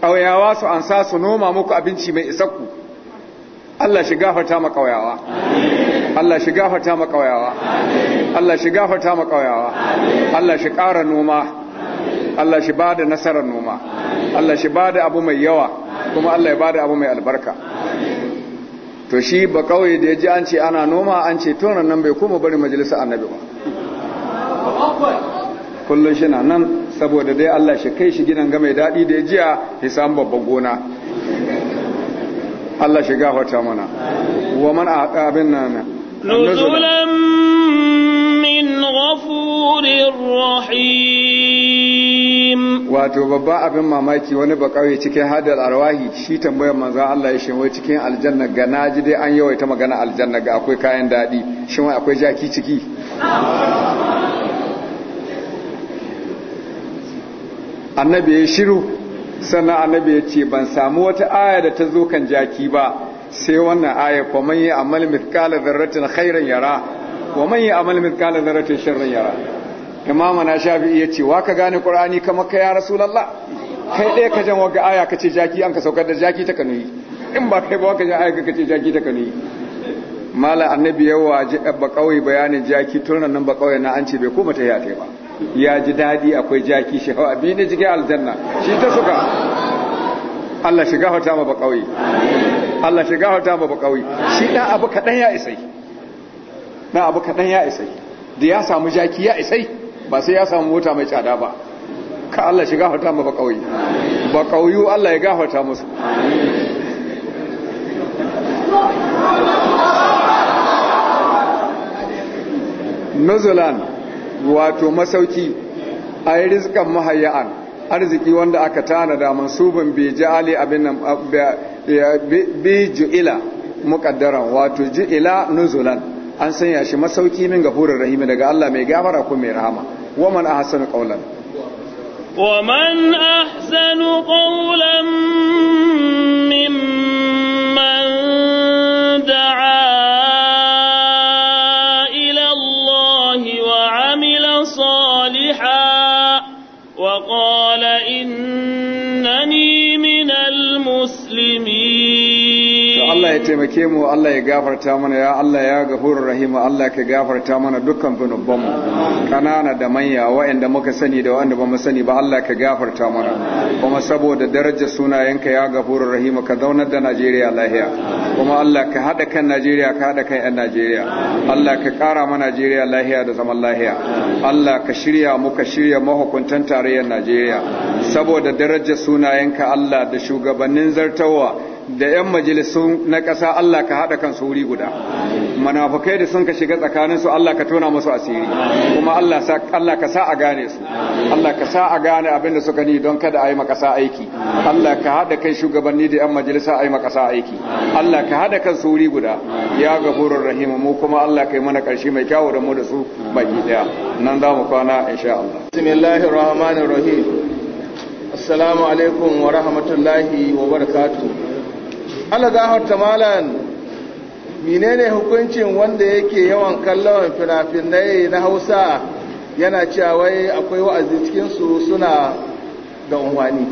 ƙauyawa su an sa su noma muku abinci mai isakku Allah shi gafarta ma ƙauyawa Allah shi gafarta ma ƙauyawa Allah shi gafarta ma ƙauyawa Allah shi ƙara noma Allah shi ba da nasarar noma Allah shi ba da abu mai yawa kuma Allah ya ba da abu mai albarka to shi ba ƙauye da ya ji an ce ana noma an ce tonan nan bai koma bari majalisa annabi ba kullum shi na nan saboda dai Allah shi kai shi gidan mai daɗi da ya jiya ya samu babban gona Allah shi gafarta mana wa man abin nan nuzulan min ghafurir rahim wato babban abin mamaki wani ba kauye cikin hadal arwahi shi tambayar manzon Allah ya shi cikin aljanna ga naji dai an yawaita magana aljanna ga akwai kayan daɗi shi wani akwai jaki ciki annabi ya shiru sannan annabi ya ce ban samu wata aya da ta zo kan jaki ba sai wannan aya kuma man amal mithqala dharratin khairan yara wa man amal mithqala dharratin sharran yara imam na shafi ya ce wa ka gane qur'ani kamar ka ya rasulullah kai dai ka jan waga aya kace jaki an ka saukar da jaki ta kanuyi in ba kai ba ka jan aya kace jaki ta kanuyi mala annabi yawa ba kauye bayanin jaki tun nan ba kauye na an ce bai koma ta yi a kai ba ya ji daɗi akwai jaki shawa biyu ne cikin aljanna shi ta suka Allah shiga hauta ma kauye Allah shiga hauta ma kauye shi dan abu kaɗan ya isai dan abu kaɗan ya isai da ya samu jaki ya isai ba sai ya samu mota mai tsada ba ka Allah shiga hauta ma ba kauyu Allah ya ga hauta musu nuzulan wato masauki yi rizqan mahayyan arziki wanda aka tana da mansubin beji ja'ali abin nan ila mukaddaran wato wato ju'ila nuzulan an sanya shi masauki min gafurur rahimi daga Allah mai gafara ko mai rahama wa man ahsanu qawlan wa man ahsanu qawlan mimman Allah ya taimake mu Allah ya gafarta mana ya Allah ya gafurur rahima Allah ka gafarta mana dukkan zunubanmu kanana da manya waɗanda muka sani da waɗanda ba mu sani ba Allah ka gafarta mana kuma saboda darajar sunayenka ya gafurur rahima ka zaunar da Najeriya lahiya kuma Allah ka hada kan Najeriya ka hada kan yan Najeriya Allah ka kara mana Najeriya lahiya da zaman lahiya Allah ka shirya muka shirya mahukuntan tarayyar Najeriya saboda darajar sunayenka Allah da shugabannin zartawa da 'yan majalisu na ƙasa Allah ka haɗa kansu wuri guda munafukai da sun ka shiga tsakaninsu Allah ka tona musu asiri kuma Allah ka sa a gane su Allah ka sa a gane abin da suka ni don kada a yi makasa aiki Allah ka haɗa kai shugabanni da 'yan majalisa a yi makasa aiki Allah ka haɗa kansu wuri guda ya gafurur rahim mu kuma Allah ka yi mana ƙarshe mai kyawu da mu da su baki ɗaya nan za mu kwana insha Allah bismillahir rahmanir rahim assalamu alaikum wa rahmatullahi wa barakatuh ala gafarta malan menene hukuncin wanda yake yawan kallon fina-finai na hausa yana cewa wai akwai wa'azi cikinsu suna da unwani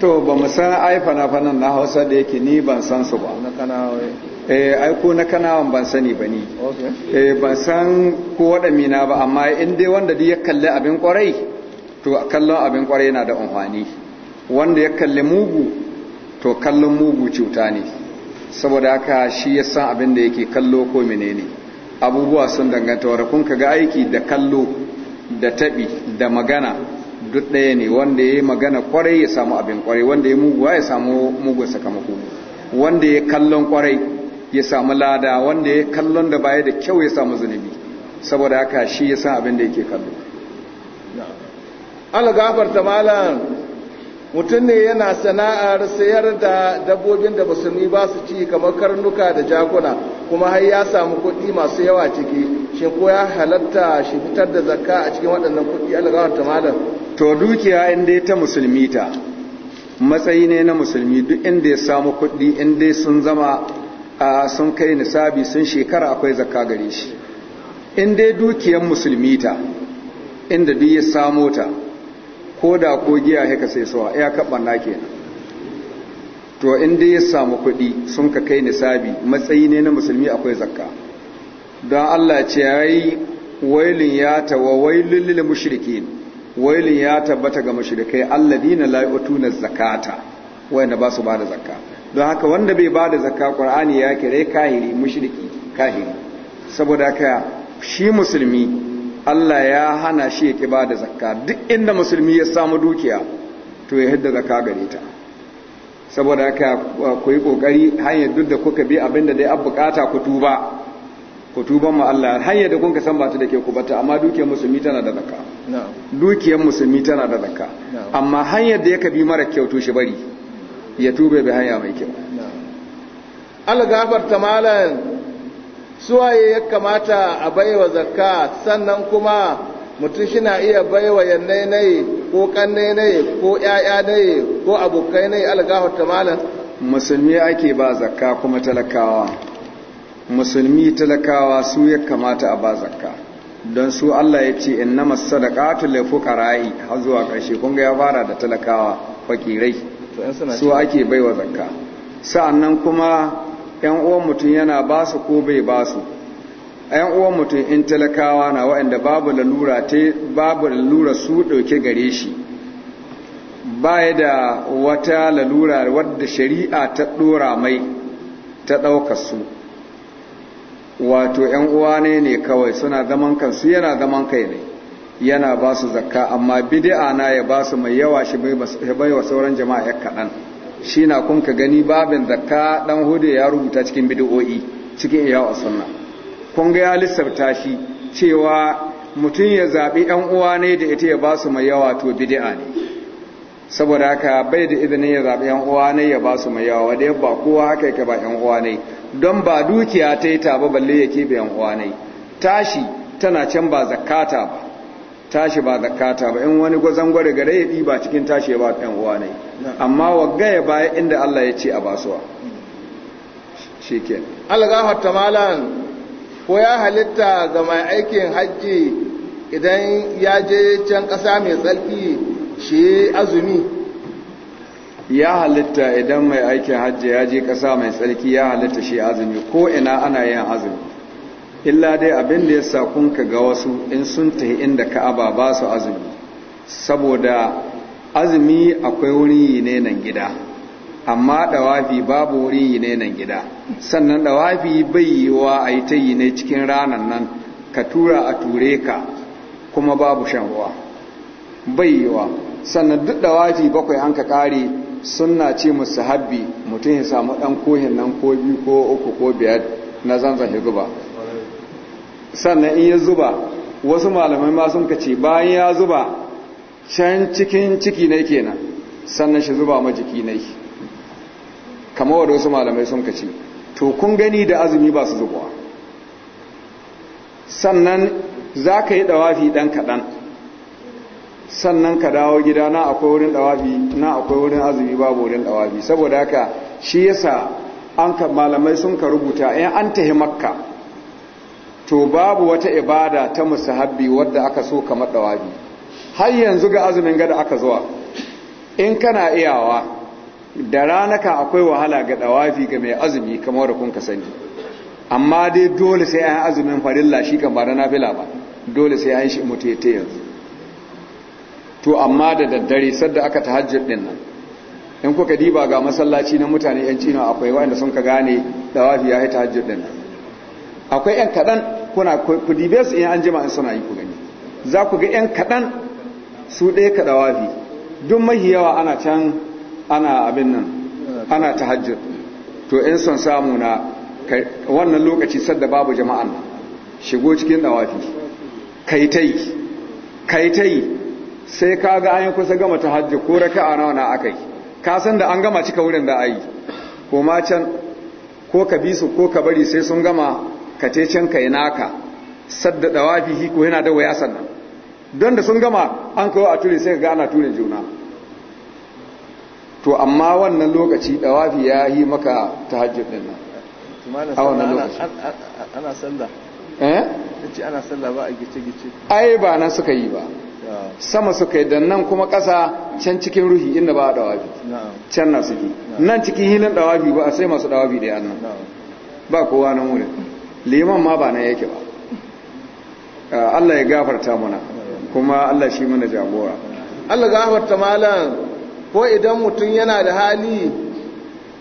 to ba mu san ai fana na hausa da yake ni ban san su ba eh, ai ko na kanawan ban sani ba ni eh, ban san ko waɗamina ba amma in dai wanda ya kalli abin kwarai to kallon abin kwarai yana da unhwani wanda ya kalli mugu to kallon mugu cuta ne saboda haka shi ya san abin da yake kallo ko menene abubuwa sun danganta wadda kun ga aiki da kallo da taɓi da magana duk ɗaya ne wanda ya yi magana kwarai ya samu abin kwarai wanda ya mugu ya samu mugun sakamako wanda ya kallon kwarai ya samu lada wanda ya kallon da baya da kyau ya samu zunubi saboda haka shi ya san abin da yake kallo Allah gafarta malam mutum ne yana sana'ar sayar da dabbobin da musulmi ba su ci kamar karnuka da jakuna kuma har ya samu kuɗi masu yawa ciki shi ko ya halatta shi fitar da zakka a cikin waɗannan kuɗi algawar ta malam to dukiya in dai ta musulmi ta matsayi ne na musulmi duk inda ya samu kuɗi in dai sun zama sun kai nisabi sun shekara akwai zakka gare shi in dai dukiyar musulmi ta inda duk ya samo ta ko da ko giya haka sai sawa ya kaɓa na kenan to in dai ya samu kuɗi sun ka kai nisabi matsayi ne na musulmi akwai zakka don Allah ce yi wailin ya ta wa wailin lili wailin ya tabbata ga mushrikai dina la na zakata na ba su bada zakka don haka wanda bai bada zakka kur'ani ya kira kahiri mushriki kahiri saboda haka shi musulmi Allah ya hana shi ya kiba da zakka duk inda musulmi ya samu dukiya to ya hidda zakka gare ta saboda haka ku yi kokari hanyar duk da kuka bi abinda dai an bukata ku tuba ku tuban ma Allah hanyar da kun ka san ba ta da ke ku bata amma dukiyar musulmi tana da zakka dukiyar musulmi tana da zakka amma hanyar da ya kabi mara kyau to shi bari ya tuba bi hanya mai kyau Allah gafarta malam suwaye ya kamata a baiwa zakka sannan kuma mutum shina iya baiwa yannai nai ko kannai nai ko ƴaƴa nai ko abokai nai algahu tamalan musulmi ake ba zakka kuma talakawa musulmi talakawa su ya kamata a ba zakka don su Allah ya ce inna masadaqatu lil fuqara'i har zuwa ƙarshe, kun ga ya fara da talakawa fakirai su ake baiwa zakka sa'annan kuma yan uwan mutum yana ba su ko bai ba su yan uwan mutum in talakawa na waɗanda babu lalura te babu lalura su ɗauke gare shi baya da wata lalura wadda shari'a ta ɗora mai ta ɗaukar su wato yan uwa ne ne kawai suna zaman kansu yana zaman kai ne yana ba su zakka amma bidi'a na ya ba su mai yawa shi bai wa sauran jama'a ya kaɗan shi na kun ka gani babin zakka dan hudu ya rubuta cikin bid'o'i cikin iya sunna kun ga ya lissafta shi cewa mutum ya zaɓi ɗan uwa ne da ita ya ba su mai yawa to bid'a ne saboda haka bai da izinin ya zaɓi ɗan uwa ne ya ba su mai yawa wadda ya ba kowa haka yake ba ɗan uwa ne don ba dukiya ta yi ta ba balle ya keɓe ɗan uwa ne tashi tana can ba zakata ba tashi ba zakata ba in wani gwazangware gare ya ɗiba cikin tashi ya ba ɗan uwa ne amma wagga ya baya inda Allah ya ce a basuwa shi ke algahar tamalan ko ya halitta ga mai aikin hajji idan ya je can ƙasa mai tsarki shi azumi ya halitta idan mai aikin hajji ya je ƙasa mai tsarki ya halitta shi azumi ko ina ana yin azumi illa dai abin da ya sa ka ga wasu in sun tahi inda ka'aba ba su azumi saboda azumi akwai wurin yi ne nan gida amma dawafi babu wurin yi ne nan gida sannan dawafi bai yi wa a yi ta yi ne cikin ranar nan ka tura a ture ka kuma babu shan ruwa bai yi wa sannan duk dawafi bakwai an ka kare suna ce musu habbi mutum ya samu ɗan kohin nan ko biyu ko uku ko biyar na zanzan higuba sannan in ya zuba wasu malamai ma sun kace bayan ya zuba can cikin ciki ne kenan sannan shi zuba ma jiki ne kamar wadda wasu malamai sun kace to kun gani da azumi ba su zubawa sannan za ka yi dawafi ɗan kaɗan sannan ka dawo gida na akwai wurin dawafi na akwai wurin azumi babu wurin dawafi saboda haka shi yasa an ka malamai sun ka rubuta in an tahi makka to babu wata ibada ta musahabbi wadda aka so kamar dawabi har yanzu ga azumin gada aka zuwa in kana iyawa da ranaka akwai wahala ga dawafi ga mai azumi kamar da kun sani amma dai dole sai an azumin farilla shi kan ba na nafila ba dole sai an shi mutu ta yanzu to amma da daddare sadda aka tahajjud din nan in kuka diba ga masallaci na mutane yan cina akwai wanda sun ka gane dawafi ya yi tahajjud din nan akwai yan kaɗan. kuna ku su in an jima in suna yi ku gani za ku ga yan kaɗan su ɗaya ka dawafi duk mahi yawa ana can ana abin nan ana ta hajji to in son samu na wannan lokaci sadda babu jama'an shigo cikin ɗawafi. kai ta kai ta sai ka ga an yi kusa gama ta hajji ko a nawa na akai ka san da an gama cika wurin da ayi ko ma can ko ka bi su ko ka bari sai sun gama ka ce can ka yi naka sadda dawafihi ko yana da waya sannan don da sun gama an kawo a ture sai ka ga ana ture juna to amma wannan lokaci dawafi ya yi maka tahajjud din nan a wannan lokaci ana salla eh ce ana sallah ba a gice-gice ai ba nan suka yi ba sama suka yi dan nan kuma ƙasa can cikin ruhi inda ba a dawafi can na suke nan cikin hilin dawafi ba a sai masu dawafi da nan ba kowa nan wurin liman ma ba na yake ba ah, Allah ya gafarta mana kuma Allah shi mana jagora Allah gafarta malam ko idan mutum yana da hali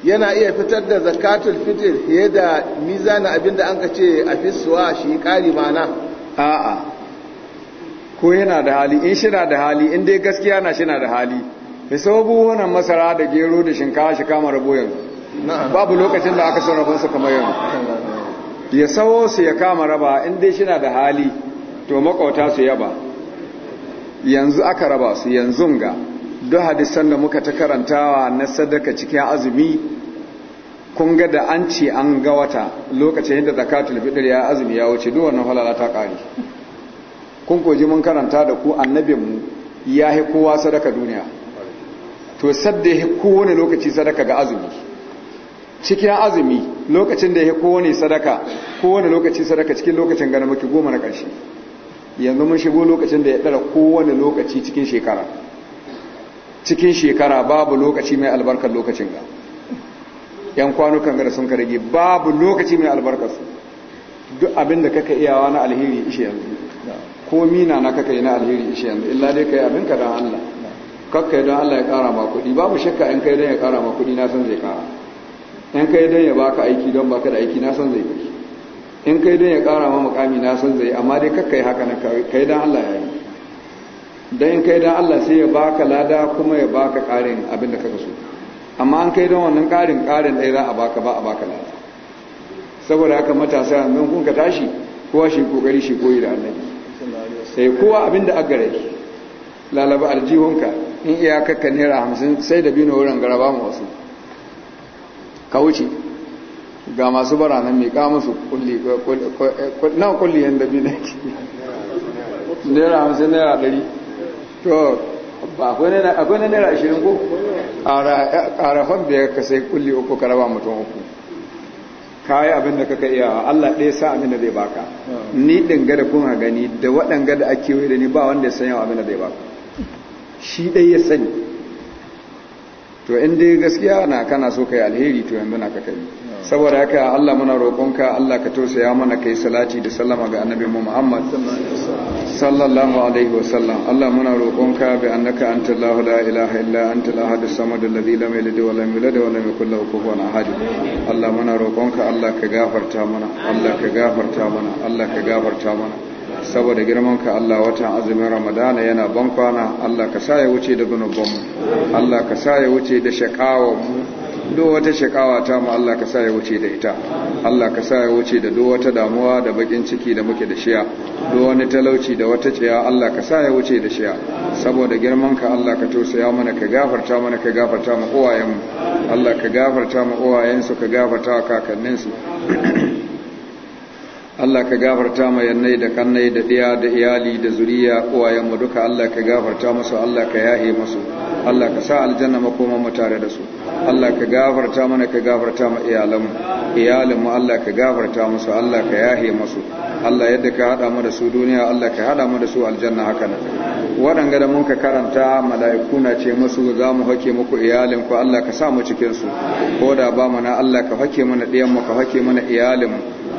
yana iya fitar da zakatul fitr fiye da mizanin abinda an ka ce a fisuwa shi kari mana a'a ko yana da hali in shi na da hali in dai gaskiya na shi da hali fi sabu wannan masara da gero da shinkawa shi kama rabo yanzu babu lokacin da aka sarrafa su kamar yanzu ya sawo su ya kama raba in dai shi na da hali to makauta su yaba yanzu aka raba su yanzu ga duk hadisan da muka ta karantawa na sadaka cikin azumi kun ga da an ce an ga wata lokacin da zakatul fitr ya azumi ya wuce duk wannan halala ta kare kun koji mun karanta da ku annabinmu ya hi kowa sadaka duniya to sadda ya kowane lokaci sadaka ga azumi cikin azumi lokacin da ya kowane sadaka kowane lokaci sadaka cikin lokacin gana maki goma na ƙarshe yanzu mun shigo lokacin da ya ɗara kowane lokaci cikin shekara cikin shekara babu lokaci mai albarkar lokacin ga yan kwanukan gara sun karage babu lokaci mai albarkar su duk abin da kaka iyawa na alheri ishe yanzu ko mina na kaka yi na alheri ishe yanzu illa dai ka abin abinka don allah kakka yi don allah ya kara ma kuɗi babu shakka yan kai don ya kara ma kuɗi na san zai kara in kai don ya baka aiki don baka da aiki na san zai kai in kai don ya kara ma makami na san zai amma dai yi haka na kai don Allah ya yi don in kai don Allah sai ya baka lada kuma ya baka karin abin da kaka so amma an kai don wannan karin karin ɗaya za a baka ba a baka lada saboda haka matasa min kun ka tashi kowa shi kokari shi koyi da annabi sai kowa abin da shi lalaba aljihunka in iyakakka naira hamsin sai da bino wurin garaba mu wasu ka wuce ga masu bara nan mai ka musu kulli nan kulli yadda bi na ke naira hamsin naira ɗari to ba akwai na naira ashirin ko ƙarafan biyar ya ka sai kulli uku ka raba mutum uku ka yi abin da kaka iya Allah ɗaya sa abin da zai baka ni ɗanga da kun gani da waɗanga da ake wai da ni ba wanda ya sanya abin da zai baka shi ɗaya ya sani to inda gaskiya na kana so ka yi alheri to yanzu na ka kai saboda haka Allah muna roƙonka Allah ka ya mana kai salati da sallama ga annabi Muhammad sallallahu alaihi wa sallam Allah muna roƙonka bi annaka anta la ilaha illa anta la ahad samad alladhi lam yalid wa lam yulad wa lam yakul lahu kufuwan ahad Allah muna roƙonka Allah ka gafarta mana Allah ka gafarta mana Allah ka gafarta mana saboda girman ka Allah watan azumin ramadana yana ban kwana Allah ka sa ya wuce da zunubanmu Allah ka sa ya wuce da shakawanmu duk wata shakawa ta mu Allah ka sa ya wuce da ita Allah ka sa ya wuce da duk wata damuwa da bakin ciki da muke da shiya duk wani talauci da wata tsaya Allah ka sa ya wuce da shiya saboda girman ka Allah ka tausaya mana ka gafarta mana ka gafarta mu uwayenmu Allah ka gafarta mu uwayen su ka gafarta kakanninsu Allah ka gafarta ma yannai da kannai da ɗiya da iyali da zuriya uwayen mu duka Allah ka gafarta musu Allah ka yahe musu Allah ka sa aljanna makoman mu tare da su Allah ka gafarta mana ka gafarta ma iyalan mu iyalan mu Allah ka gafarta musu Allah ka yahe musu Allah yadda ka hada mu da su duniya Allah ka hada mu da su aljanna haka nan waɗanga da mun ka karanta mala'iku na ce musu za mu hake muku iyalin ku Allah ka sa mu cikin su ko da ba mu na Allah ka hake mana ɗiyan mu ka hake mana iyalin mu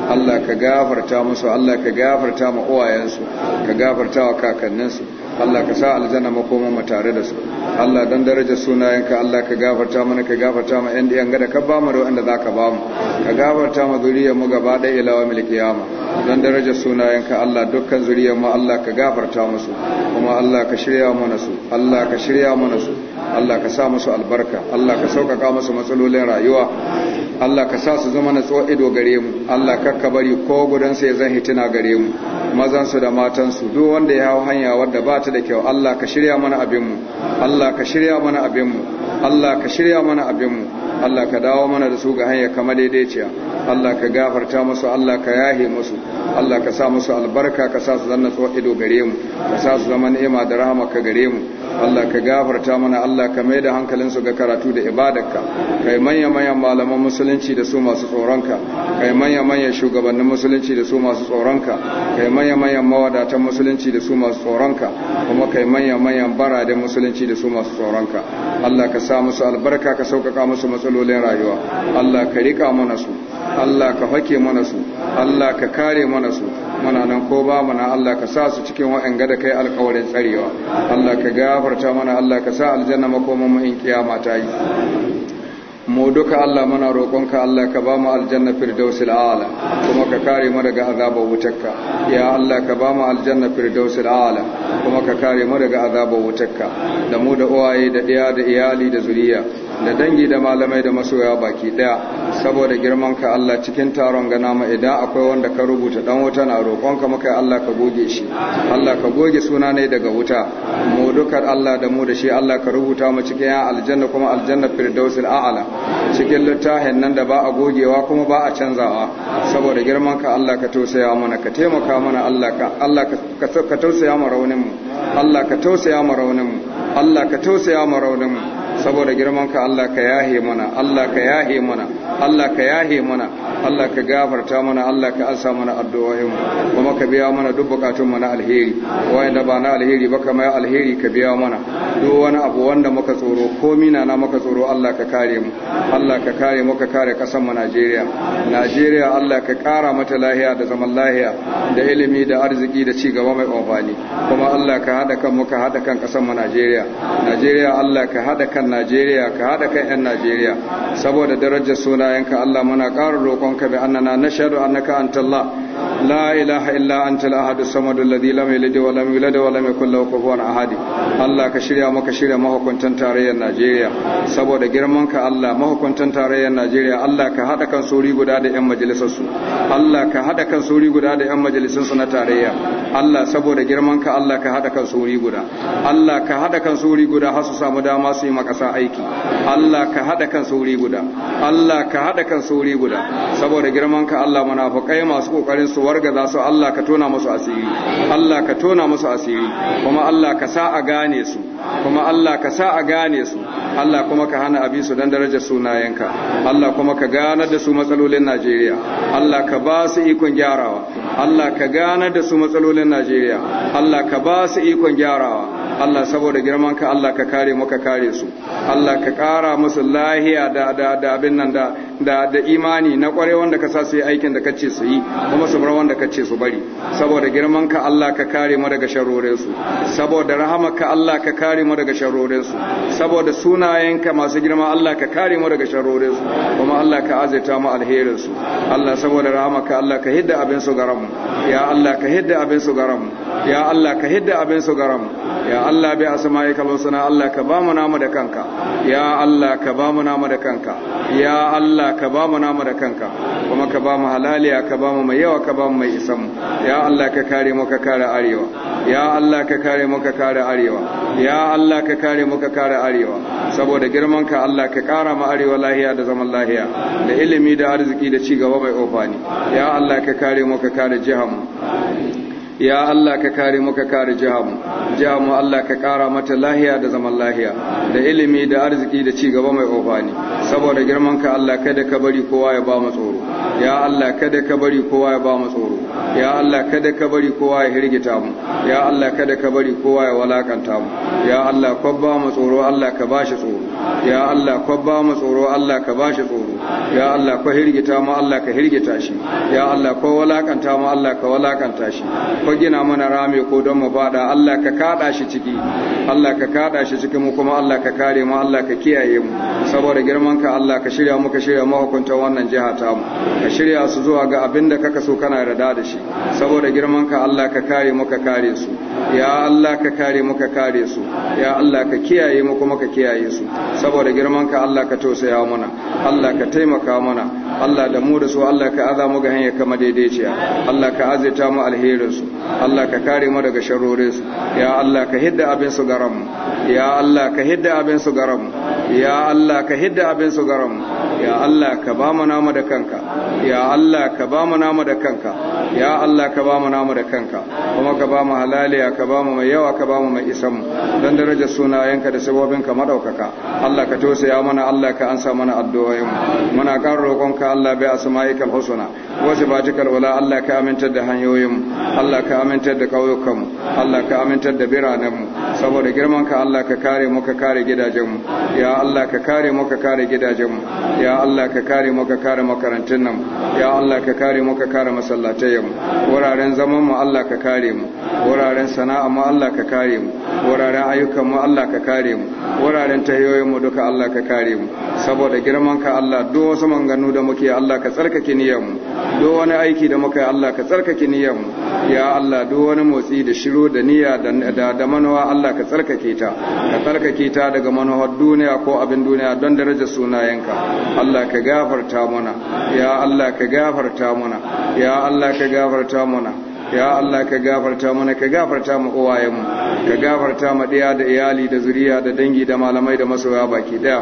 Allah ka gafarta musu Allah ka gafarta ma uwayensu ka gafarta wa kakanninsu Allah ka sa aljanna koma mu tare da su Allah dan daraja sunayenka Allah ka gafarta mana ka gafarta ma yan diyan gada ka ba mu da wanda zaka ba mu ka gafarta ma zuriyar mu gaba da ilawa mil kiyama dan daraja sunayenka Allah dukkan zuriyar mu Allah ka gafarta musu kuma Allah ka shirya mana su Allah ka shirya mana su Allah ka sa musu albarka Allah ka sauƙaƙa musu matsalolin rayuwa Allah ka sa su zama na tsohon ido gare mu Allah kakka bari ko gudansu ya zan hitina gare mu mazansu da matansu duk wanda ya hau hanya wadda ba ta su da kyau Allah ka shirya mana abinmu Allah ka shirya mana abinmu Allah ka shirya mana abinmu Allah ka dawo mana da su ga hanya kama daidaiciya Allah ka gafarta musu Allah ka yahe musu Allah ka sa musu albarka ka sa su zanna tsohon ido gare mu ka sa su zama ni'ima da rahama ka gare mu Allah ka gafarta mana Allah ka mai da hankalinsu ga karatu da ibadarka kai manya-manyan malaman musulunci da su masu tsoronka kai manya-manyan shugabannin musulunci da su masu tsoronka kai manya-manyan mawadatan musulunci da su masu tsoronka kuma kai manyan manyan bara da musulunci da su masu tsoronka Allah ka sa musu albarka ka sauƙaƙa musu matsalolin rayuwa Allah ka rika mana su Allah ka hake mana su Allah ka kare mana su muna nan ko ba mana Allah ka sa su cikin wa'anga da kai alƙawarin tsarewa Allah ka gafarta mana Allah ka sa aljanna makomin mu in kiyama ta yi mu duka Allah muna roƙonka Allah ka ba mu aljanna firdausil a'la kuma ka kare mu daga azabar wutarka ya Allah ka ba mu aljanna firdausil a'la kuma ka kare mu daga azabar wutarka da mu da uwaye da ɗaya da iyali da zuriya da dangi da malamai da masoya baki daya saboda girman ka Allah cikin taron ga nama idan akwai wanda ka rubuta dan wuta na roƙon ka muka Allah ka goge shi Allah ka goge suna ne daga wuta mu dukar Allah da mu da shi Allah ka rubuta mu cikin yan aljanna kuma aljanna firdausil A'ala cikin littafin nan da ba a gogewa kuma ba a canzawa saboda girman ka Allah ka tausaya mana ka taimaka mana Allah ka Allah ka tausaya mu raunin mu Allah ka tausaya mu raunin mu Allah ka tausaya mu raunin mu saboda girman ka Allah ka yahe mana Allah ka yahe mana Allah ka yahe mana Allah ka gafarta mana Allah ka asa mana addu'o'in kuma ka biya mana duk bukatun mu na alheri wanda ba na alheri ba kamar alheri ka biya mana duk wani abu wanda muka tsoro ko mina na muka tsoro Allah ka kare mu Allah ka kare mu ka kare kasar mu Najeriya Najeriya Allah ka kara mata lahiya da zaman lahiya da ilimi da arziki da ci gaba mai amfani kuma Allah ka hada kan muka hada kan kasar mu Najeriya Najeriya Allah ka hada kan Najeriya ka haɗa kan 'yan Najeriya saboda darajar sunayenka Allah muna ƙara roƙonka bi annana na nashhadu annaka talla la ilaha illa an tala ahadu samadu ladi lam yalid wa lam yulad wa lam yakul lahu kufuwan ahadi Allah ka shirya maka shirya mahukuntan tarayyar Najeriya saboda girman ka Allah mahukuntan tarayyar Najeriya Allah ka haɗa kan sori guda da 'yan majalisar su Allah ka haɗa kan sori guda da 'yan majalisun su na tarayya Allah saboda girman ka Allah ka haɗa kan sori guda Allah ka haɗa kan sori guda har su samu dama su yi ƙasa aiki Allah ka haɗa kan sauri guda Allah ka haɗa kan sauri guda saboda girman ka Allah munafiqai masu kokarin su warga za su Allah ka tona musu asiri Allah ka tona musu asiri kuma Allah ka sa a gane su kuma Allah ka sa a gane su Allah kuma ka hana abin su dan darajar sunayenka Allah kuma ka gane da su matsalolin Najeriya Allah ka ba su ikon gyarawa Allah ka gane da su matsalolin Najeriya Allah ka ba su ikon gyarawa Allah saboda girman ka Allah ka kare mu ka kare su Allah ka kara musu lahiya da da da abin nan da da da imani na kware wanda ka sa su yi aikin da kace su yi kuma su bar wanda kace su bari saboda girman ka Allah ka kare mu daga sharorin su saboda ka Allah ka kare mu daga sharorin su saboda sunayen ka masu girma Allah ka kare mu daga sharorin su kuma Allah ka azaita mu alherin su Allah saboda ka Allah ka hidda abin su garamu ya Allah ka hidda abin su garamu ya Allah ka hidda abin su garamu ya Allah bi asma'ika al-husna Allah ka ba mu namu da kanka ya Allah ka ba mu namu da kanka ya Allah ka ba mu namu da kanka kuma ka ba mu halaliya ka ba mu mai yawa ka ba mu mai isanmu ya Allah ka kare mu ka kare arewa ya Allah ka kare mu ka kare arewa ya Allah ka kare mu ka kare arewa saboda girman ka Allah ka kara mu arewa lahiya da zaman lahiya da ilimi da arziki da ci gaba mai ofani ya Allah ka kare mu ka kare jihar mu ya Allah ka kare mu ka kare jihamu jihamu Allah ka kara mata lahiya da zaman lahiya da ilimi da arziki da ci gaba mai ofani saboda girman ka Allah kada ka bari kowa ya ba mu tsoro ya Allah kada ka bari kowa ya ba mu tsoro ya Allah kada ka bari kowa ya hirgita mu ya Allah kada ka bari kowa ya walakanta mu ya Allah ko ba mu tsoro Allah ka bashi tsoro ya Allah ko ba mu tsoro Allah ka bashi tsoro ya Allah ko hirgita mu Allah ka hirgita shi ya Allah ko walakanta mu Allah ka walakanta shi ka gina mana rami ko don mu fada Allah ka kada shi ciki Allah ka kada shi ciki mu kuma Allah ka kare mu Allah ka kiyaye mu saboda girman ka Allah ka shirya mu ka shirya hukunta wannan jiha ta mu ka shirya su zuwa ga abinda ka kaka so kana rada da shi saboda girman ka Allah ka kare mu ka kare su ya Allah ka kare mu ka kare su ya Allah ka kiyaye mu kuma ka kiyaye su saboda girman ka Allah ka tausaya mana Allah ka taimaka mana Allah da mu da su Allah ka aza ga hanya kama daidaiciya Allah ka azita mu alherin su Allah ka kare mu daga sharorin su ya Allah ka hidda abin su garam ya Allah ka hidda abin su garam ya Allah ka hidda abin su garam ya Allah ka ba mu nama da kanka ya Allah ka ba mu nama da kanka ya Allah ka ba mu namu da kanka kuma ka ba mu halaliya ka ba mu mai yawa ka ba mu mai isan mu don suna yanka da sabobin ka madaukaka Allah ka tose ya mana Allah ka ansa mana addu'o'in mu muna kan roƙon ka Allah bai asma'ikal husna wa sifatikal ula Allah ka amintar da hanyoyin mu Allah ka amintar da kauyukan mu Allah ka amintar da biranen mu saboda girman ka Allah ka kare mu ka kare gidajen mu ya Allah ka kare mu ka kare gidajen mu ya Allah ka kare mu ka kare makarantun nan ya Allah ka kare mu ka kare masallatai kare mu wuraren zaman mu Allah ka kare mu wuraren sana'a mu Allah ka kare mu wuraren ayyukan mu Allah ka kare mu wuraren tahiyoyin mu duka Allah ka kare mu saboda girman ka Allah duk wasu manganu da muke Allah ka tsarkake niyyar mu duk wani aiki da muka Allah ka tsarkake niyyar mu ya Allah duk wani motsi da shiru da niyya da da manowa Allah ka tsarkake ta ka tsarkake ta daga manowar duniya ko abin duniya don daraja sunayenka Allah ka gafarta mana ya Allah ka gafarta mana ya Allah ka gafarta mana ya Allah ka gafarta mana ka gafarta mu uwayenmu ka gafarta mu ɗaya da iyali da zuriya da dangi da malamai da masoya baki daya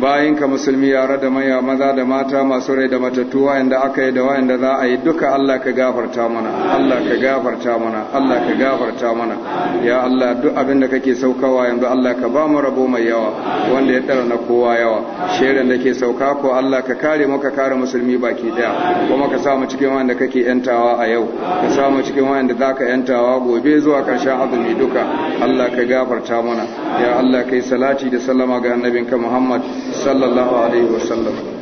bayan ka musulmi yara da maya maza da mata masu rai da matattu da aka yi da da za a yi duka Allah ka gafarta mana Allah ka gafarta mana Allah ka gafarta mana ya Allah duk abin da kake saukawa yanzu Allah ka ba mu rabo mai yawa wanda ya tsara na kowa yawa shirin da ke sauka ko Allah ka kare mu ka kare musulmi baki daya kuma ka sa mu cikin da kake yantawa a yau ka sa mu cikin wayanda zaka yantawa gobe zuwa karshen azumi duka Allah ka gafarta mana ya Allah kai salati da sallama ga annabinka Muhammad sallallahu alaihi wasallam